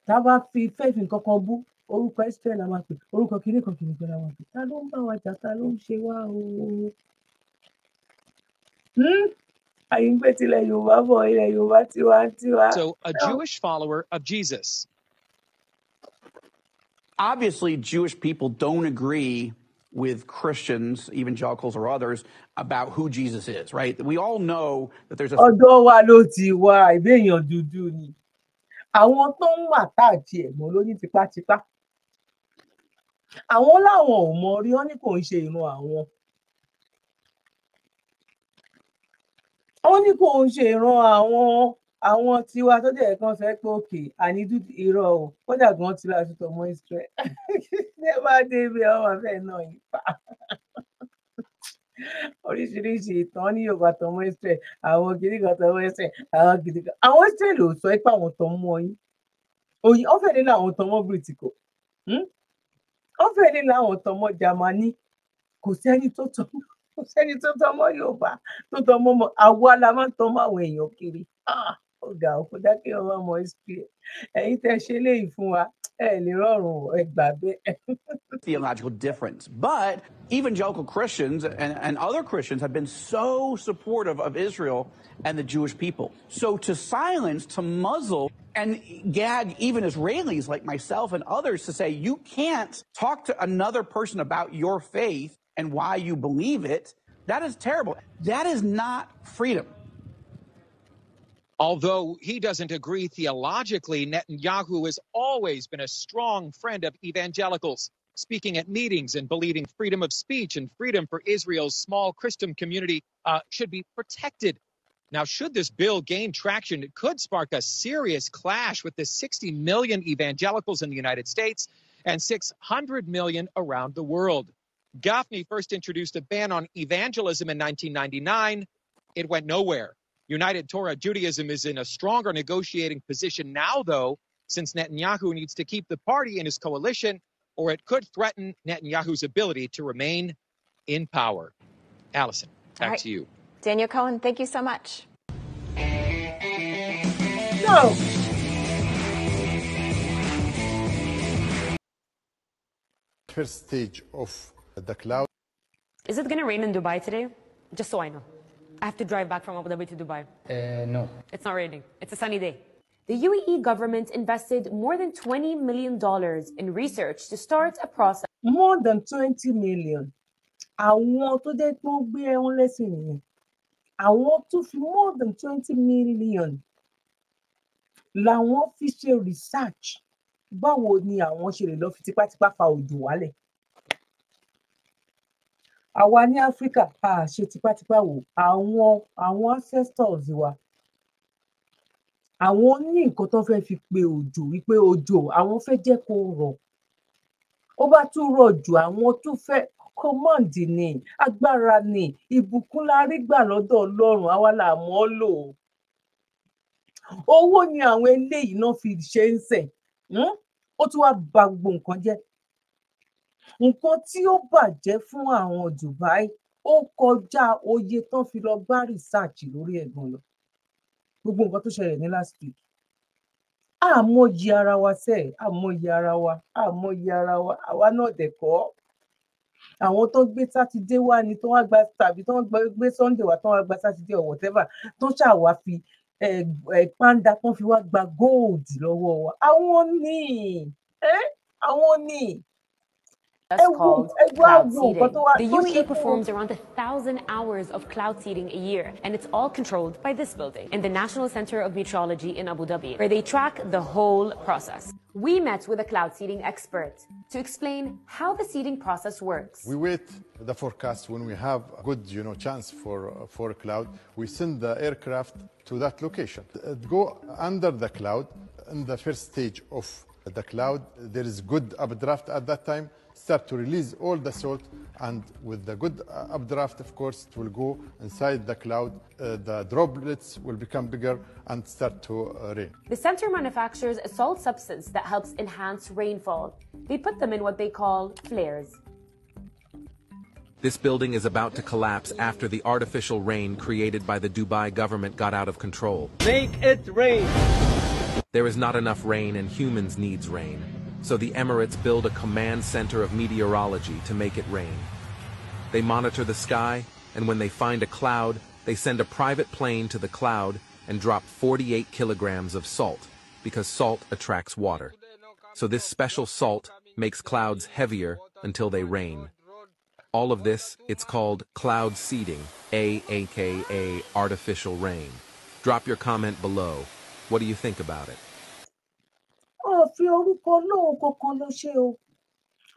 tá bá fi fẹ́ẹ̀fì kankan bú orúkọ la máa pè orúkọ kan kan la máa pè ta ló ń bá wa jà ta ló ń ṣe wá o. Hmm? So a Jewish follower of Jesus. Obviously, Jewish people don't agree with Christians, evangelicals or others, about who Jesus is, right? We all know that there's a. Ọ̀dọ̀ wa ló ti wá ìbéèyàn dúdú ni. Àwọn tó ń wà káàkiri ẹ̀gbọ́n ló ní tipátipá. Àwọn láwọn ò mọ orí wọn ní kò ń ṣe ìran àwọn. Wọ́n ní kò ń ṣe ìran àwọn àwọn tiwa tó jẹ́ kan fẹ́ pé òkè àní irọ́ o kódà gan ti ra tuntun ọmọ Israel. tẹ́ bá débi ọmọ fẹ́ náà yìí pa oríṣiríṣi ìtàn ní yorùbá tọmọ ẹsẹ àwọn gidi kan tọmọ ẹsẹ àwọn gidi kan àwọn ẹsẹ ló sọ pé àwọn tọ mọ yín òyìn ọfẹ nínú àwọn tọmọ bìrìtìkò hmm? ọfẹ nínú àwọn tọmọ jamani kò sẹ́ni tó tọmọ kò sẹ́ni tó tọmọ yorùbá tó tọmọ mọ àwa la máa ń tọmọ àwọn èèyàn kiri ó ga òkúta kí wọn máa mọ ẹsẹ ẹ̀yin tẹ́ ṣe léyìí fún wa theological difference. But evangelical Christians and, and other Christians have been so supportive of Israel and the Jewish people. So to silence, to muzzle, and gag even Israelis like myself and others to say, you can't talk to another person about your faith and why you believe it, that is terrible. That is not freedom. Although he doesn't agree theologically, Netanyahu has always been a strong friend of evangelicals, speaking at meetings and believing freedom of speech and freedom for Israel's small Christian community uh, should be protected. Now, should this bill gain traction, it could spark a serious clash with the 60 million evangelicals in the United States and 600 million around the world. Gaffney first introduced a ban on evangelism in 1999. It went nowhere. United Torah Judaism is in a stronger negotiating position now, though, since Netanyahu needs to keep the party in his coalition, or it could threaten Netanyahu's ability to remain in power. Allison, back right. to you. Daniel Cohen, thank you so much. No. First stage of the cloud. Is it going to rain in Dubai today? Just so I know. I have to drive back from Abu Dhabi to Dubai. Uh, no. It's not raining. It's a sunny day. The UAE government invested more than $20 million in research to start a process. More than 20 million. Àwọn tó jẹ́ pé ó gbé ẹ̀wọ̀n lẹ́sìn nìyẹn. Àwọn tó fi more than 20 million làwọn fi ṣe research. Báwo ni àwọn ṣe lè lọ fi tipátipá fa òjò wálẹ̀? àwa ní áfíríkà a ṣe tipátipá wò àwọn àwọn ancestors wa àwọn ní nǹkan tó fẹ́ fi pe òjò wípé òjò àwọn fẹ́ jẹ́ kó rọ̀ ó bá tún rọ̀ jù àwọn tún fẹ́ command ni agbára ni ìbùkún la rí gbà lọ́dọ̀ ọlọ́run àwa là mọ́ lò owó ni àwọn eléyìí náà fi ṣe ń sẹ̀ hmm? ó tún wá ba gbogbo nǹkan jẹ́ nǹkan tí ó bàjẹ́ fún àwọn Dubai ó kọjá oye tán fi lọ bá research lórí ẹ̀gbọ́n lọ gbogbo nǹkan tó ṣẹlẹ̀ ní last week àmọyí ara wa sẹ́ àmọyí ara wa àmọyí ara wa àwa náà dẹ̀kọ́ àwọn tó gbé sátidé wá ni tó wá gba tàbí tó gbé sunday wá tó wá gba sátidé or whatever tó ṣàwá fi pàǹdà kan fi wá gba gold lọ́wọ́ wa àwọn ni àwọn ni. Eh? That's called cloud seeding. The UK performs around a thousand hours of cloud seeding a year, and it's all controlled by this building in the National Center of Meteorology in Abu Dhabi, where they track the whole process. We met with a cloud seeding expert to explain how the seeding process works. We wait the forecast when we have a good, you know, chance for for cloud. We send the aircraft to that location. It uh, go under the cloud in the first stage of the cloud. There is good updraft at that time start to release all the salt and with the good uh, updraft of course it will go inside the cloud uh, the droplets will become bigger and start to uh, rain the center manufactures a salt substance that helps enhance rainfall they put them in what they call flares this building is about to collapse after the artificial rain created by the Dubai government got out of control. Make it rain! There is not enough rain and humans needs rain so the Emirates build a command center of meteorology to make it rain. They monitor the sky, and when they find a cloud, they send a private plane to the cloud and drop 48 kilograms of salt, because salt attracts water. So this special salt makes clouds heavier until they rain. All of this, it's called cloud seeding, a.k.a. artificial rain. Drop your comment below. What do you think about it? fi orúkọ Ọlọ́run kankan ló ṣe o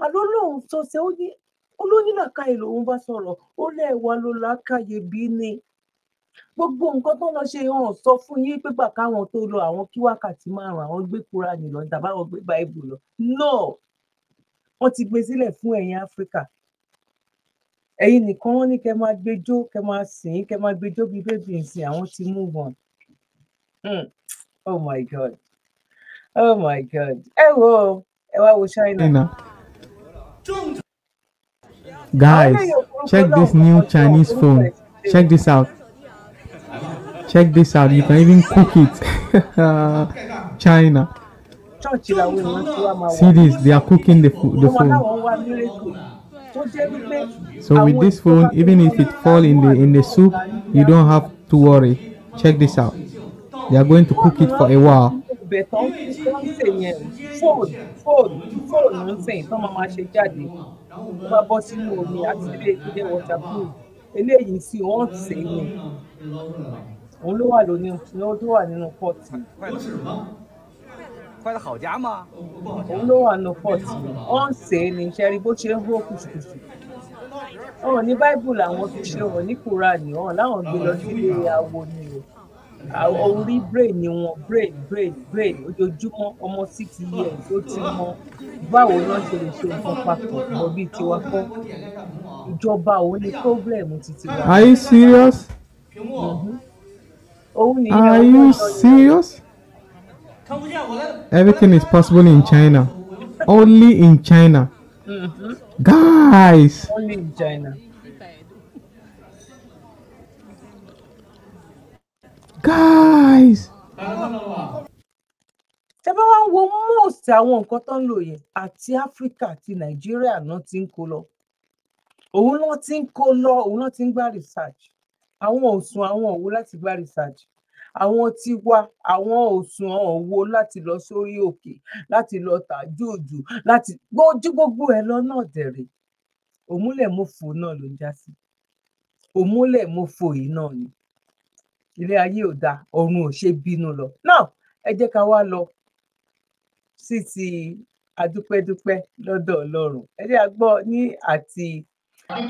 àlọ́ lòun tó ṣe ó yí olóyún làkàyè lòun bá sọ̀rọ̀ ó lẹ́ẹ̀wá ló làkàyè bí ni gbogbo nǹkan tó lọ ṣe hàn sọ fún yín pé káwọn tó lọ àwọn kí wákàtí márùn àwọn gbé Kùránì lọ tàbí àwọn gbé báìbù lọ no wọn ti gbé sílẹ̀ fún ẹ̀yin Áfíríkà ẹ̀yin nìkan wọn ní kẹ́ máa gbẹjọ kẹ́ máa sìn kẹ́ máa gbẹjọ bíi bébì ń àwọn ti move on hmm. oh my God. Oh my God. Hello. Hello, China. China. Guys, check this new Chinese phone. Check this out. Check this out. You can even cook it. China. See this, they are cooking the, the phone. So with this phone, even if it fall in the in the soup, you don't have to worry. Check this out. They are going to cook it for a while. ọbẹ̀ tán ń sè yẹn fóònù fóònù fóònù ń sìn tán máa ṣe jáde tó bá bọ́ sínú omi àti ilé ìdílé waterproof eléyìí sí wọ́n sè é òun ló wà lónìí ló wà nínú pọ́ọ̀tì. òun ló wà nínú pọ́ọ̀tì wọ́n sè é ni ṣẹ́rí bó ṣe ń hó kùtùkùtù ọ̀hún ní báíbù làwọn fi ṣe wọ̀ ní kúránì ọ̀hún láwọn gbé lọ sílé awo ni orí brain ni wọn brain brain brain ojoojúmọ́ ọmọ six years ó ti mọ báwo náà ṣe lè ṣe nǹkan papọ̀ mọ bí tiwa kọ́ ìjọba òun ni problem ti ti are you serious? Mm-hmm. òun ni are you serious? everything is possible in China only in China. Mm-hmm. guys. only in China. guys. tẹ bá wá ń wo most àwọn nǹkan tó ń lò yẹn àti áfíríkà àti nàìjíríà náà ti ń kó lọ òun náà ti ń kó lọ òun náà ti ń gba research àwọn òsùn àwọn òwò láti gba research àwọn tiwa àwọn òsùn òwò láti lọ sórí òkè láti lọ tà jòjò láti gbójú gbogbo ẹ lọ náà dẹrẹ òmúlẹ̀ mọ́fò náà ló ń já sí òmúlẹ̀ mọ́fò yìí náà ni ilé ayé ò dáa ọ̀run ò ṣe bínú lọ now ẹ jẹ́ ká wá lọ sí ti adúpẹ́dúpẹ́ lọ́dọ̀ ọlọ́run ẹ jẹ́ àgbọ́ ní àti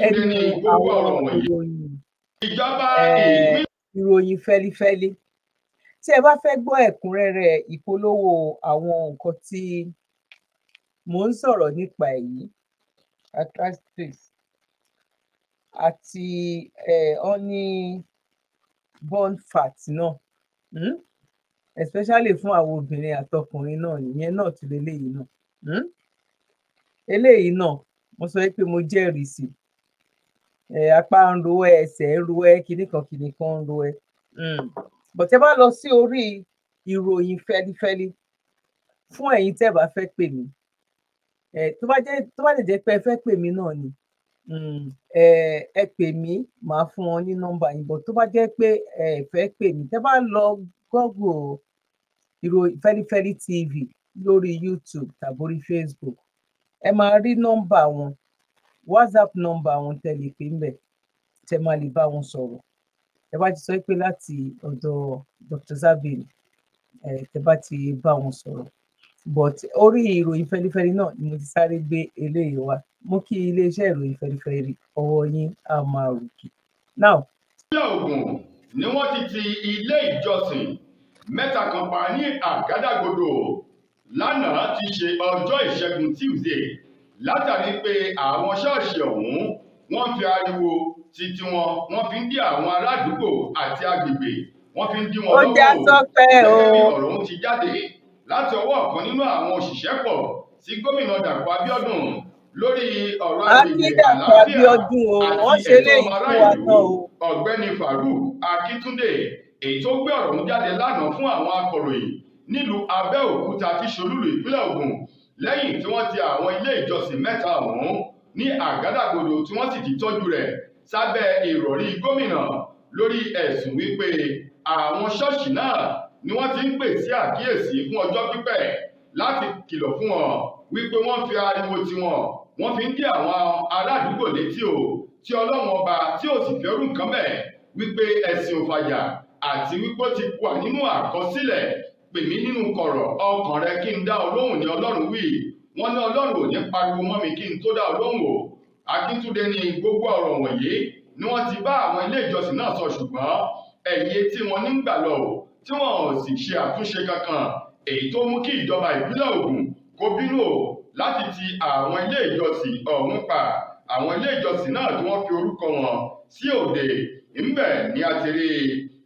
ẹnu àwọn ìròyìn ìròyìn fẹ́lifẹ́li tí ẹ bá fẹ́ gbọ́ ẹ̀kúnrẹ́rẹ́ ìpolówó àwọn nǹkan tí mò ń sọ̀rọ̀ nípa èyí atlantis àti ọ ní. Eh, born fat náà um especially fún àwọn obìnrin àtọkùnrin náà ìyẹn náà tún lélẹyìí náà um eléyìí náà mo sọ pé mo jẹ́rìí sí ẹ apá ń ro ẹ ẹsẹ̀ ń ro ẹ kinní kan kinní kan ń ro ẹ hmm. bọ̀tẹ́ bá lọ sí orí ìròyìn fẹ́lifẹ́li fún ẹ̀yin tẹ́ bá fẹ́ pè mí tó bá jẹ́ tó bá lè jẹ́ pé ẹ fẹ́ pè mí náà ni ẹ pè mí màá fún wọn ní nọ́mbà yìí bọ̀ tó bá jẹ́ pé ẹ fẹ́ pè mí tẹ́ bá lọ google ìròyìn Fẹ́rifẹ́ri TV lórí YouTube tàbórí Facebook ẹ máa rí nọ́mbà wọn WhatsApp nọ́mbà wọn tẹ́ lè pè mbẹ̀ tẹ́ máa lè bá wọn sọ̀rọ̀ ẹ bá ti sọ pé láti ọ̀dọ̀ Dr. Zabin ẹ tẹ́ bá ti bá wọn sọ̀rọ̀ but orí ìròyìn fẹ̀rífẹ̀rí náà ni mo ti sáré gbé eléyìí wá mú kí iléeṣẹ́ ìròyìn fẹ̀rífẹ̀rí ọwọ́ yín á máa ròkè now. ìpínlẹ̀ Ògùn ni wọ́n ti ti ilé ìjọsìn mẹ́ta kan pa ní àgádágodo lánàá ti ṣe ọjọ́ ìṣẹ́gun Tuesday látàrí pé àwọn ṣọ́ọ̀ṣì ọ̀hún wọ́n fi ariwo ti tiwọn wọ́n fi ń dí àwọn ará àdúgbò àti agbègbè wọ́n fi ń dí wọn lọ́wọ́ gẹ́gẹ́ bí ọ̀rọ̀ ọ̀hún ti jáde láti ọwọ́ ọ̀kan nínú àwọn òṣìṣẹ́ pọ̀ sí gómìnà Dàpọ̀ Abíọ́dún lórí ọ̀rọ̀ àgbègbè àlàáfíà àti ẹ̀tọ́ ọmọ aráàlú ọ̀gbẹ́ni Farouk Akíntúndé èyí tó gbé ọ̀rọ̀ mú jáde lánàá fún àwọn akọ̀ròyìn nílùú Abẹ́òkúta tí ṣolúlù ìpínlẹ̀ Ògùn lẹ́yìn tí wọ́n ti àwọn ilé ìjọsìn mẹ́ta ọ̀hún ní àgádágodo tí wọ́n sì ti tọ́jú rẹ̀ sábẹ́ ìrọ̀rí gómìnà lórí ẹ̀sùn wípé àwọn ṣọ́ọ̀ṣì náà ni wọ́n ti ń pè sí àkíyèsí fún ọjọ́ pípẹ́ láti kìlọ̀ fún wọn wípé wọ́n fi ariwo tiwọn wọ́n fi ń dí àwọn aládùúgbò létí o tí ọlọ́run ọba tí ò sì fẹ́rù nǹkan bẹ̀ wípé ẹ̀sìn òfàjà àti wípé ó ti wà nínú àkọsílẹ̀ pè mí nínú kọ̀rọ̀ ọkàn rẹ kí n dá olóhùn ní ọlọ́run wí wọ́n ní ọlọ́run ò ní pariwo mọ́ mi kí n tó dá olóhùn o akíntúndé ni gbogbo ọ̀rọ̀ wọ̀nyí ni wọ́n ti bá àwọn ilé ìjọsìn náà sọ ṣùgbọ́n ẹ̀yìn etí wọn nígbà lọ tí wọn ò sì ṣe àtúnṣe kankan èyí tó mú kí ìjọba ìpínlẹ̀ Ògùn kó bínú láti ti àwọn ilé ìjọsìn ọ̀hún pa àwọn ilé ìjọsìn náà tí wọ́n fi orúkọ wọn sí òde ńbẹ̀ ní àtẹ̀rẹ́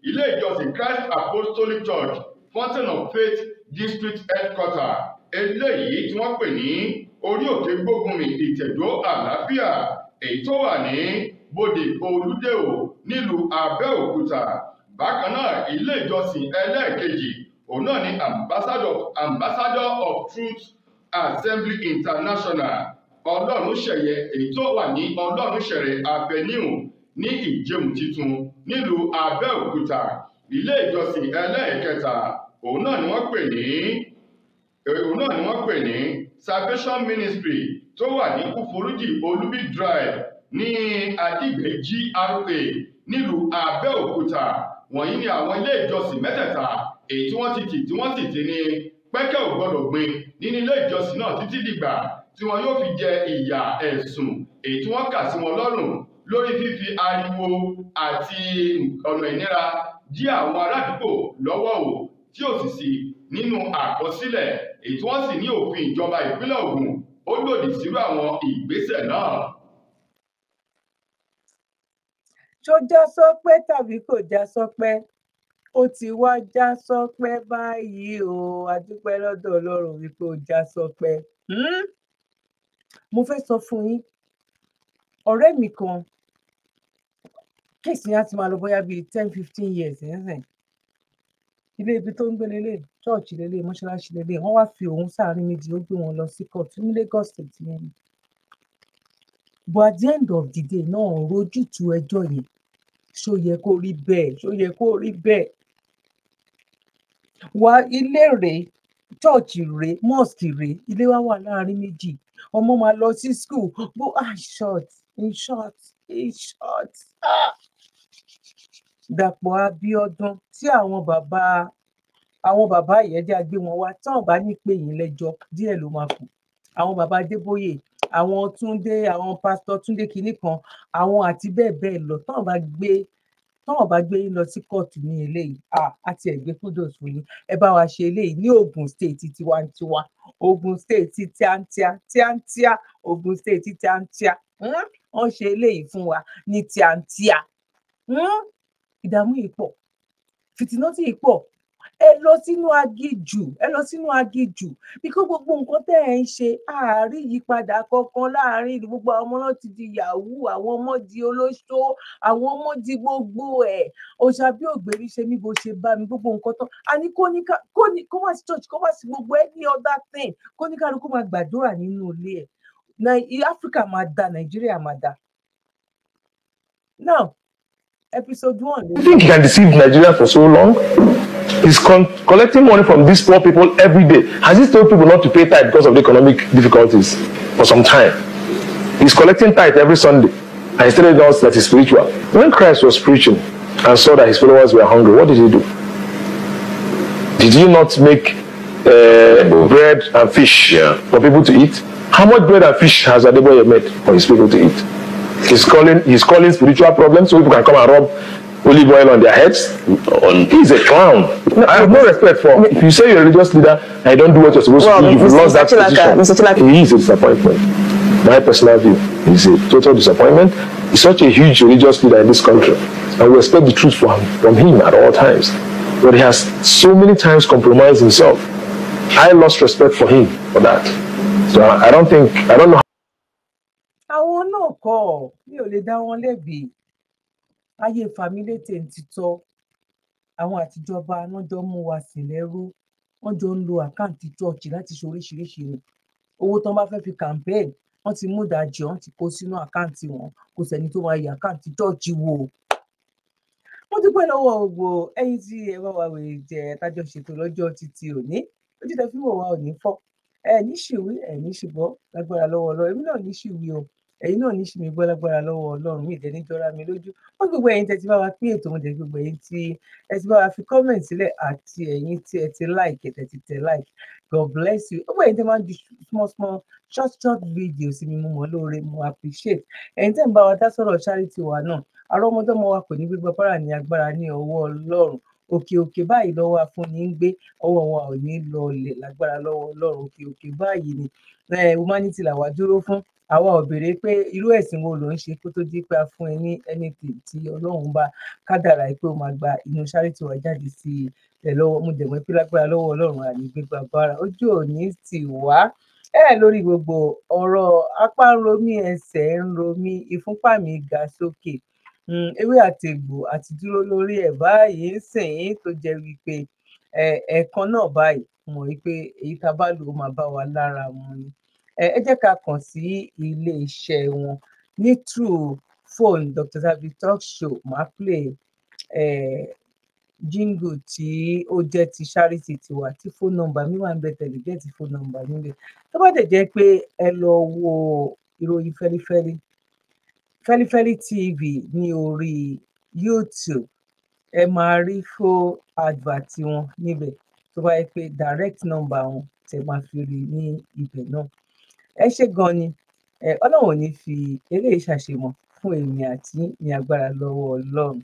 ilé ìjọsìn Christ Apostolic Church Fountain of Faith District Headquarter eléyìí tí wọ́n pè ní orí òkè gbógunmi ìtẹ̀dó àlàáfíà èyí tó wà ní bòdè olùdèwò nílùú Abẹ́òkúta bákan náà ilé ìjọsìn ẹlẹ́ẹ̀kejì òun náà ni ambassador ambassador of truth assembly international ọlọ́runṣẹ̀yẹ èyí tó wà ní ọlọ́runṣẹ̀rẹ̀ avenue ní ìjẹun titun nílùú abẹ́òkúta ilé ìjọsìn ẹlẹ́ẹ̀kẹta òun náà ni wọ́n pè ní òun náà ni wọ́n pè ní salvation ministry tó wà ní kúforújì olúbí drive ní adigbe gra nílùú abẹ́òkúta wọ̀nyí ni àwọn ilé ìjọsìn mẹ́tẹ̀ẹ̀ta èyí tí wọ́n ti tì tí wọ́n sì ti ní pẹ́kẹ́ ò gbọ́dọ̀ gbin nínú ilé ìjọsìn náà títí dìgbà tí wọn yóò fi jẹ ìyà ẹ̀sùn èyí tí wọ́n kà sí wọn lọ́rùn lórí fífi ariwo àti ọ̀nà ìnira dí àwọn arádùúgbò lọ́wọ́ o tí ò sì sí nínú àkọsílẹ̀ èyí tí wọ́n sì ní òfin ìjọba ìpínlẹ̀ Ògùn ó lòdì sírú àwọn ìgbésẹ̀ náà ṣó já sọpẹ́ tàbí kò já sọpẹ́ ó ti wá já sọpẹ́ báyìí o adúpẹ́ lọ́dọ̀ Ọlọ́run wípé ó já sọpẹ́ hmm? mo fẹ́ sọ fún yín ọ̀rẹ́ mi kan kéèsì yẹn á ti máa lọ bóyá bíi ten fifteen years ẹ̀sìn ilé ibi tó ń gbé lélẹ̀ chọ́ọ̀chì lélẹ̀ mọ́ṣáláṣí lélẹ̀ wọ́n wá fi òun sáàárín méjì ó gbé wọn lọ sí court ní Lagos state yẹn ni but at the end of the day náà rojútu ẹjọ́ yẹn ṣó yẹ kó rí bẹ́ẹ̀ ṣó yẹ kó rí bẹ́ẹ̀ wá ilé rèé chọọchì rèé mosque rèé ilé wa wà láàrin méjì ọmọ máa lọ sí school bó ah short in short in short ah. Dàpọ̀ Abíọ́dún tí àwọn bàbá àwọn bàbá ìyẹn jẹ́ agbé wọn wá tán bá ní pé yín lẹ́jọ́ díẹ̀ ló máa kù àwọn bàbá Adébóyè àwọn túndé àwọn pásítọ̀ túndé kinní kan àwọn àti bẹ́ẹ̀ bẹ́ẹ̀ lọ táwọn bá gbé táwọn bá gbé yín lọ sí kóòtù ní eléyìí àti ẹgbẹ́ kudos fún yín ẹ bá wa ṣe eléyìí ní Ògùn state tiwantiwa Ògùn state tíátíá tíátíá Ògùn state tíátíá wọ́n ṣe eléyìí fún wa ní tíátíá ìdààmú yìí pọ̀ fìtínà tí yìí pọ̀ ẹ lọ sínú aginjù ẹ lọ sínú aginjù bíkọ́ gbogbo nǹkan tẹ́ ẹ̀ ń ṣe àárí ìyípadà kankan láàrin ìlú gbogbo àwọn ọmọ ti di yahoo àwọn ọmọ di olóṣó àwọn ọmọ di gbogbo ẹ̀ ọ̀ṣà bí ògbérí ṣe mí bó ṣe bá mi gbogbo nǹkan tán àní kó wá sí church kó wá sí gbogbo any other thing kó ní kálukú máa gbàdúrà nínú ilé ẹ̀ na máa da Nàìjíríà máa da now episode one. you think you can deceive Nigeria for so long? He's collecting money from these poor people every day. Has he told people not to pay tithe because of the economic difficulties for some time? He's collecting tithe every Sunday. And he's telling us that he's spiritual. When Christ was preaching and saw that his followers were hungry, what did he do? Did he not make uh, bread and fish yeah. for people to eat? How much bread and fish has Adeboye made for his people to eat? He's calling, he's calling spiritual problems so people can come and rob olive oil on their heads. On he's a clown. No, I have no respect for. him. If you say you're a religious leader and you don't do what you're supposed well, to do, you've Mr. lost Mr. that position. He is a disappointment. My personal view is a total disappointment. He's such a huge religious leader in this country, and we expect the truth from, from him at all times. But he has so many times compromised himself. I lost respect for him for that. So I, I don't think I don't know. àwọn not know, ọ You're the one that be. ayé fàmílétè ń titọ́ àwọn àtijọba wọ́n jọ mú wa sìn lẹ́rú wọ́n jọ ń lo àkáǹtì chọ́ọ̀chì láti ṣe oríṣiríṣi ni owó tán bá fẹ́ fi campaign wọ́n ti mú ìdajì wọ́n ti kó sínú àkáǹtì wọn kò sẹ́ni tó máa yẹ àkáǹtì chọ́ọ̀chì wò mo dúpẹ́ lọ́wọ́ ògbò ẹ̀yin tí ẹ bá wà wèé jẹ tájọ ṣètò lọ́jọ́ títí òní ojú tẹ fíìmù wa ò ní fọ́ ẹ ní ṣìwí ẹ ní ṣìbọ́ lágbára lọ́wọ́ lọ èmi náà ní ṣìwí o ẹ̀yin náà ní ṣùmí gbọ́ lágbára lọ́wọ́ mi ìdẹ́ni jọra mi lójú wọ́n gbogbo ẹ̀yin tẹ́ ti bá wa pín ètò òun dẹ̀ gbogbo ẹ̀yin tí ẹ ti bá wa fi comment sílẹ̀ àti ẹ̀yin tí ẹ ti like ẹ̀ ti tẹ̀ like God bless you gbogbo ẹ̀yin tẹ́ máa ń ju small small short short videos mi mo mọ̀ lóore mo appreciate ẹ̀yin tẹ́ ń bá wa dá sọ̀rọ̀ charity wa náà àrọ́mọdọ́mọ wa kò ní gbégbá fara ní agbára ní ọwọ́ ọlọ́run òkè òkè báyìí lọ́wọ́ afúnni ń gbé ọwọ́ wa ò ní lọ ọlẹ̀ lágbára lọ́wọ́ ọlọ́run òkè òkè báyìí ni eh, humanity làwa dúró fún àwa ò béèrè pé irú ẹ̀sìn wo ló ń ṣe kó tó di pé a fún ẹ ní anything tí ọlọ́run bá kádàrá pé ó máa gba inú charity wa jáde sí ẹ lọ́wọ́ mo dẹ̀ mọ́ pé lágbára lọ́wọ́ ọlọ́run àní gbégbá bára ojú òní ti wá ẹ lórí gbogbo ọ̀rọ̀ apá ń ro mí ẹsẹ̀ ń ro mí ìfúnpá mi ga sókè hmm, ewé àtẹ̀gbò àti dúró lórí ẹ̀ báyìí ń sìn tó jẹ́ wípé ẹ̀ẹ̀kan náà báyìí mọ̀ wípé èyí tá a bá lò ó máa bá wa lára mu ni ẹ jẹ́ ká kàn sí iléeṣẹ́ wọn ní true phone Dr. Zabby's talk show máa play jingle tí ó jẹ́ ti charity tiwa tí phone number mi wà ń bẹ tẹ̀lé jẹ́ ti phone number mi lẹ̀ tó bá dẹ̀ jẹ́ pé ẹ lọ wo ìròyìn fẹ́lifẹ́li fẹ́lifẹ́li tv ní orí youtube ẹ máa rí fó advert wọn níbẹ̀ tó bá yẹ pé direct number wọn tẹ máa fi rí ní ibẹ̀ náà ẹ ṣe gan ni ọlọ́run ò ní fi eléyìí ṣàṣemọ fún èmi àti ní agbára lọ́wọ́ ọlọ́run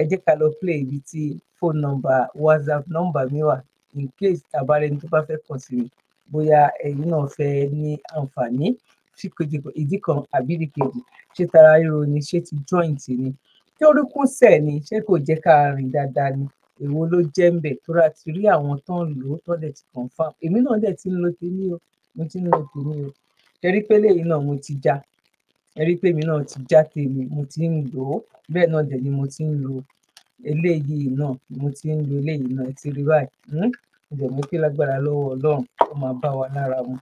ẹ jẹ́ ká lọ play ibi tí phone number whatsapp number mi wà in case tabarẹni tó bá fẹ́ kàn sí mi bóyá ẹ̀yin náà fẹ́ ní àǹfààní sí ìdí kan àbí ìdíkejì ṣé tara ríro ni ṣé ti joint ni tí orúkún sẹ̀ ni ṣé kò jẹ́ ká rìn dáadáa ni èwo ló jẹ́ ń bẹ̀ tó ra ti rí àwọn tó ń lò ó tó dẹ̀ ti confam èmi náà dẹ̀ ti ń lo tèmi o mo ti ń lọ tèmi o ẹrí pé lẹ́yìn náà mo ti já ẹrí pé mi náà ti já tèmi mo ti ń lò ó bẹ́ẹ̀ náà dẹ̀ ni mo ti ń lo eléyìí náà mo ti ń lo eléyìí náà ti rí báyìí ìdẹ̀mú pé lágbára lọ́wọ́ ọlọ́run ó máa bá wa lára mu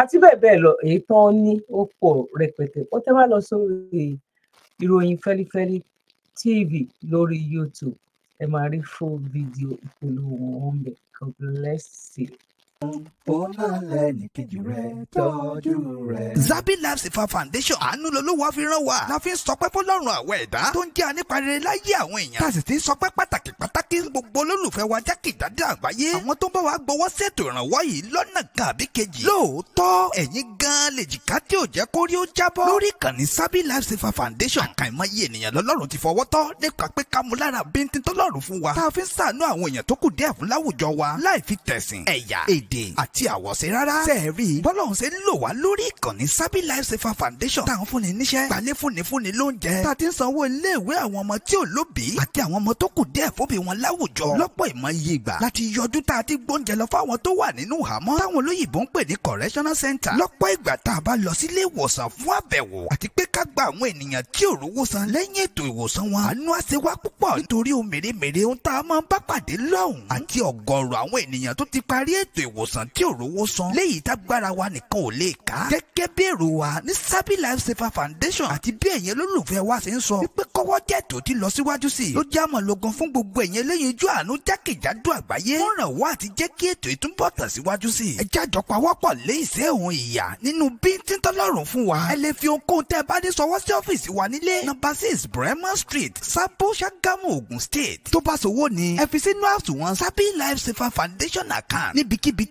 àti bẹ́ẹ̀ bẹ́ẹ̀ lọ èyí tán ní ó pọ̀ rẹpẹtẹ ó tẹ́ wá lọ sórí ìròyìn fẹ́lifẹ́li tv lórí youtube ẹ máa rí full video ìpolówó wọn bẹ̀ god bless you. Zabi Life Saver Foundation àánú lolúwa fi ràn wá. La fi ń sọpẹ́ fọlọ́run àwọ̀ ẹ̀dá tó ń jẹ́ aníparere láyé àwọn èèyàn. Tá a sì ti ń sọpẹ́ pàtàkì pàtàkì gbogbo olólùfẹ́ wa jákèjádé àgbáyé. Àwọn tó ń bá wa gbowó ṣètò ìrànwọ́ yìí lọ́nà kan àbí kejì. Lóòótọ́ ẹ̀yin gan-an lè jìká tí ò jẹ́ kó rí ó jábọ́. Lórí ìkànnì Zabi Life Saver Foundation àkàìmọye ènìyàn lọ́lọ́run ti fọwọ́ tọ́ nípa pé ká mú lára bíntín tọ́lọ́run fún wa. Tá a fi ń ṣàánú àwọn èèyàn tó kù èdè àti àwọ̀ṣe rárá. sẹ́ẹ̀rí bọ́lọ́hún ṣe ń lò wá lórí ìkànnì Sabi Life Saver Foundation tá à ń fúnni níṣẹ́ gbalẹ̀ fúnni fúnni lóúnjẹ tá a ti ń sanwó iléèwé àwọn ọmọ tí ò lóbìí àti àwọn ọmọ tó kù díẹ̀ fóbi wọn láwùjọ lọ́pọ̀ ìmọ̀ iye ìgbà láti yọjú tá a ti gbóúnjẹ lọ fáwọn tó wà nínú ìhámọ́ táwọn olóyìnbó ń pè ní correctional center lọ́pọ̀ ìgbà tá a bá lọ sílé ìwòsàn fún àbẹ̀wò àti pé ká gba àwọn ènìyàn tí ò rówó san lẹ́yìn ètò ìwòsàn wọn àánú àṣẹ wá púpọ̀ nítorí ohun mèremère ohun tá a máa ń ìwòsàn tí ò rówó san léyìí tágbára wa nìkan ò lè ká. gẹ́gẹ́ bí èrò wa ní Sabi Life Saver Foundation àti bí ẹ̀yin olólùfẹ́ wa ṣe ń sọ wípé kọ́wọ́ jẹ́ ètò tí lọ síwájú sí i ló já mọ̀ fún gbogbo ẹ̀yin eléyìí ojú àánú jákèjádò àgbáyé wọ́n ràn wá àti jẹ́ kí ètò ìtúbọ̀ síwájú sí i. ẹ jájọ pawọ́pọ̀ lé ìṣẹ́ òun ìyà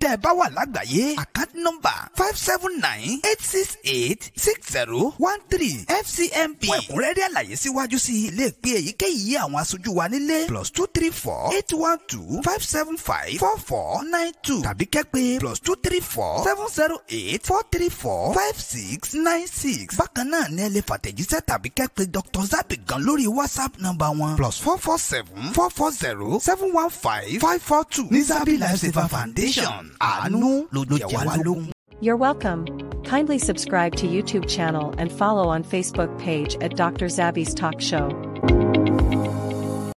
tẹ́ ẹ bá wà lágbàáyé account number five seven nine eight six eight six zero one three fcmb fún ẹ̀kúnrẹ́rẹ́ àlàyé síwájú sí i lè pe èyíkéyìí àwọn aṣojú wa nílé plus two three four eight one two five seven five four four nine two tàbí kẹ́pẹ́ plus two three four seven zero eight four three four five six nine six bákan náà ni ẹ lè fàtẹ̀jíṣẹ́ tàbí kẹ́pẹ́ dr zabi gan lórí whatsapp number wọn plus four four seven four four zero seven one five five four two ní zabi life saver foundation. You're welcome. Kindly subscribe to YouTube channel and follow on Facebook page at Dr. Zabby's Talk Show.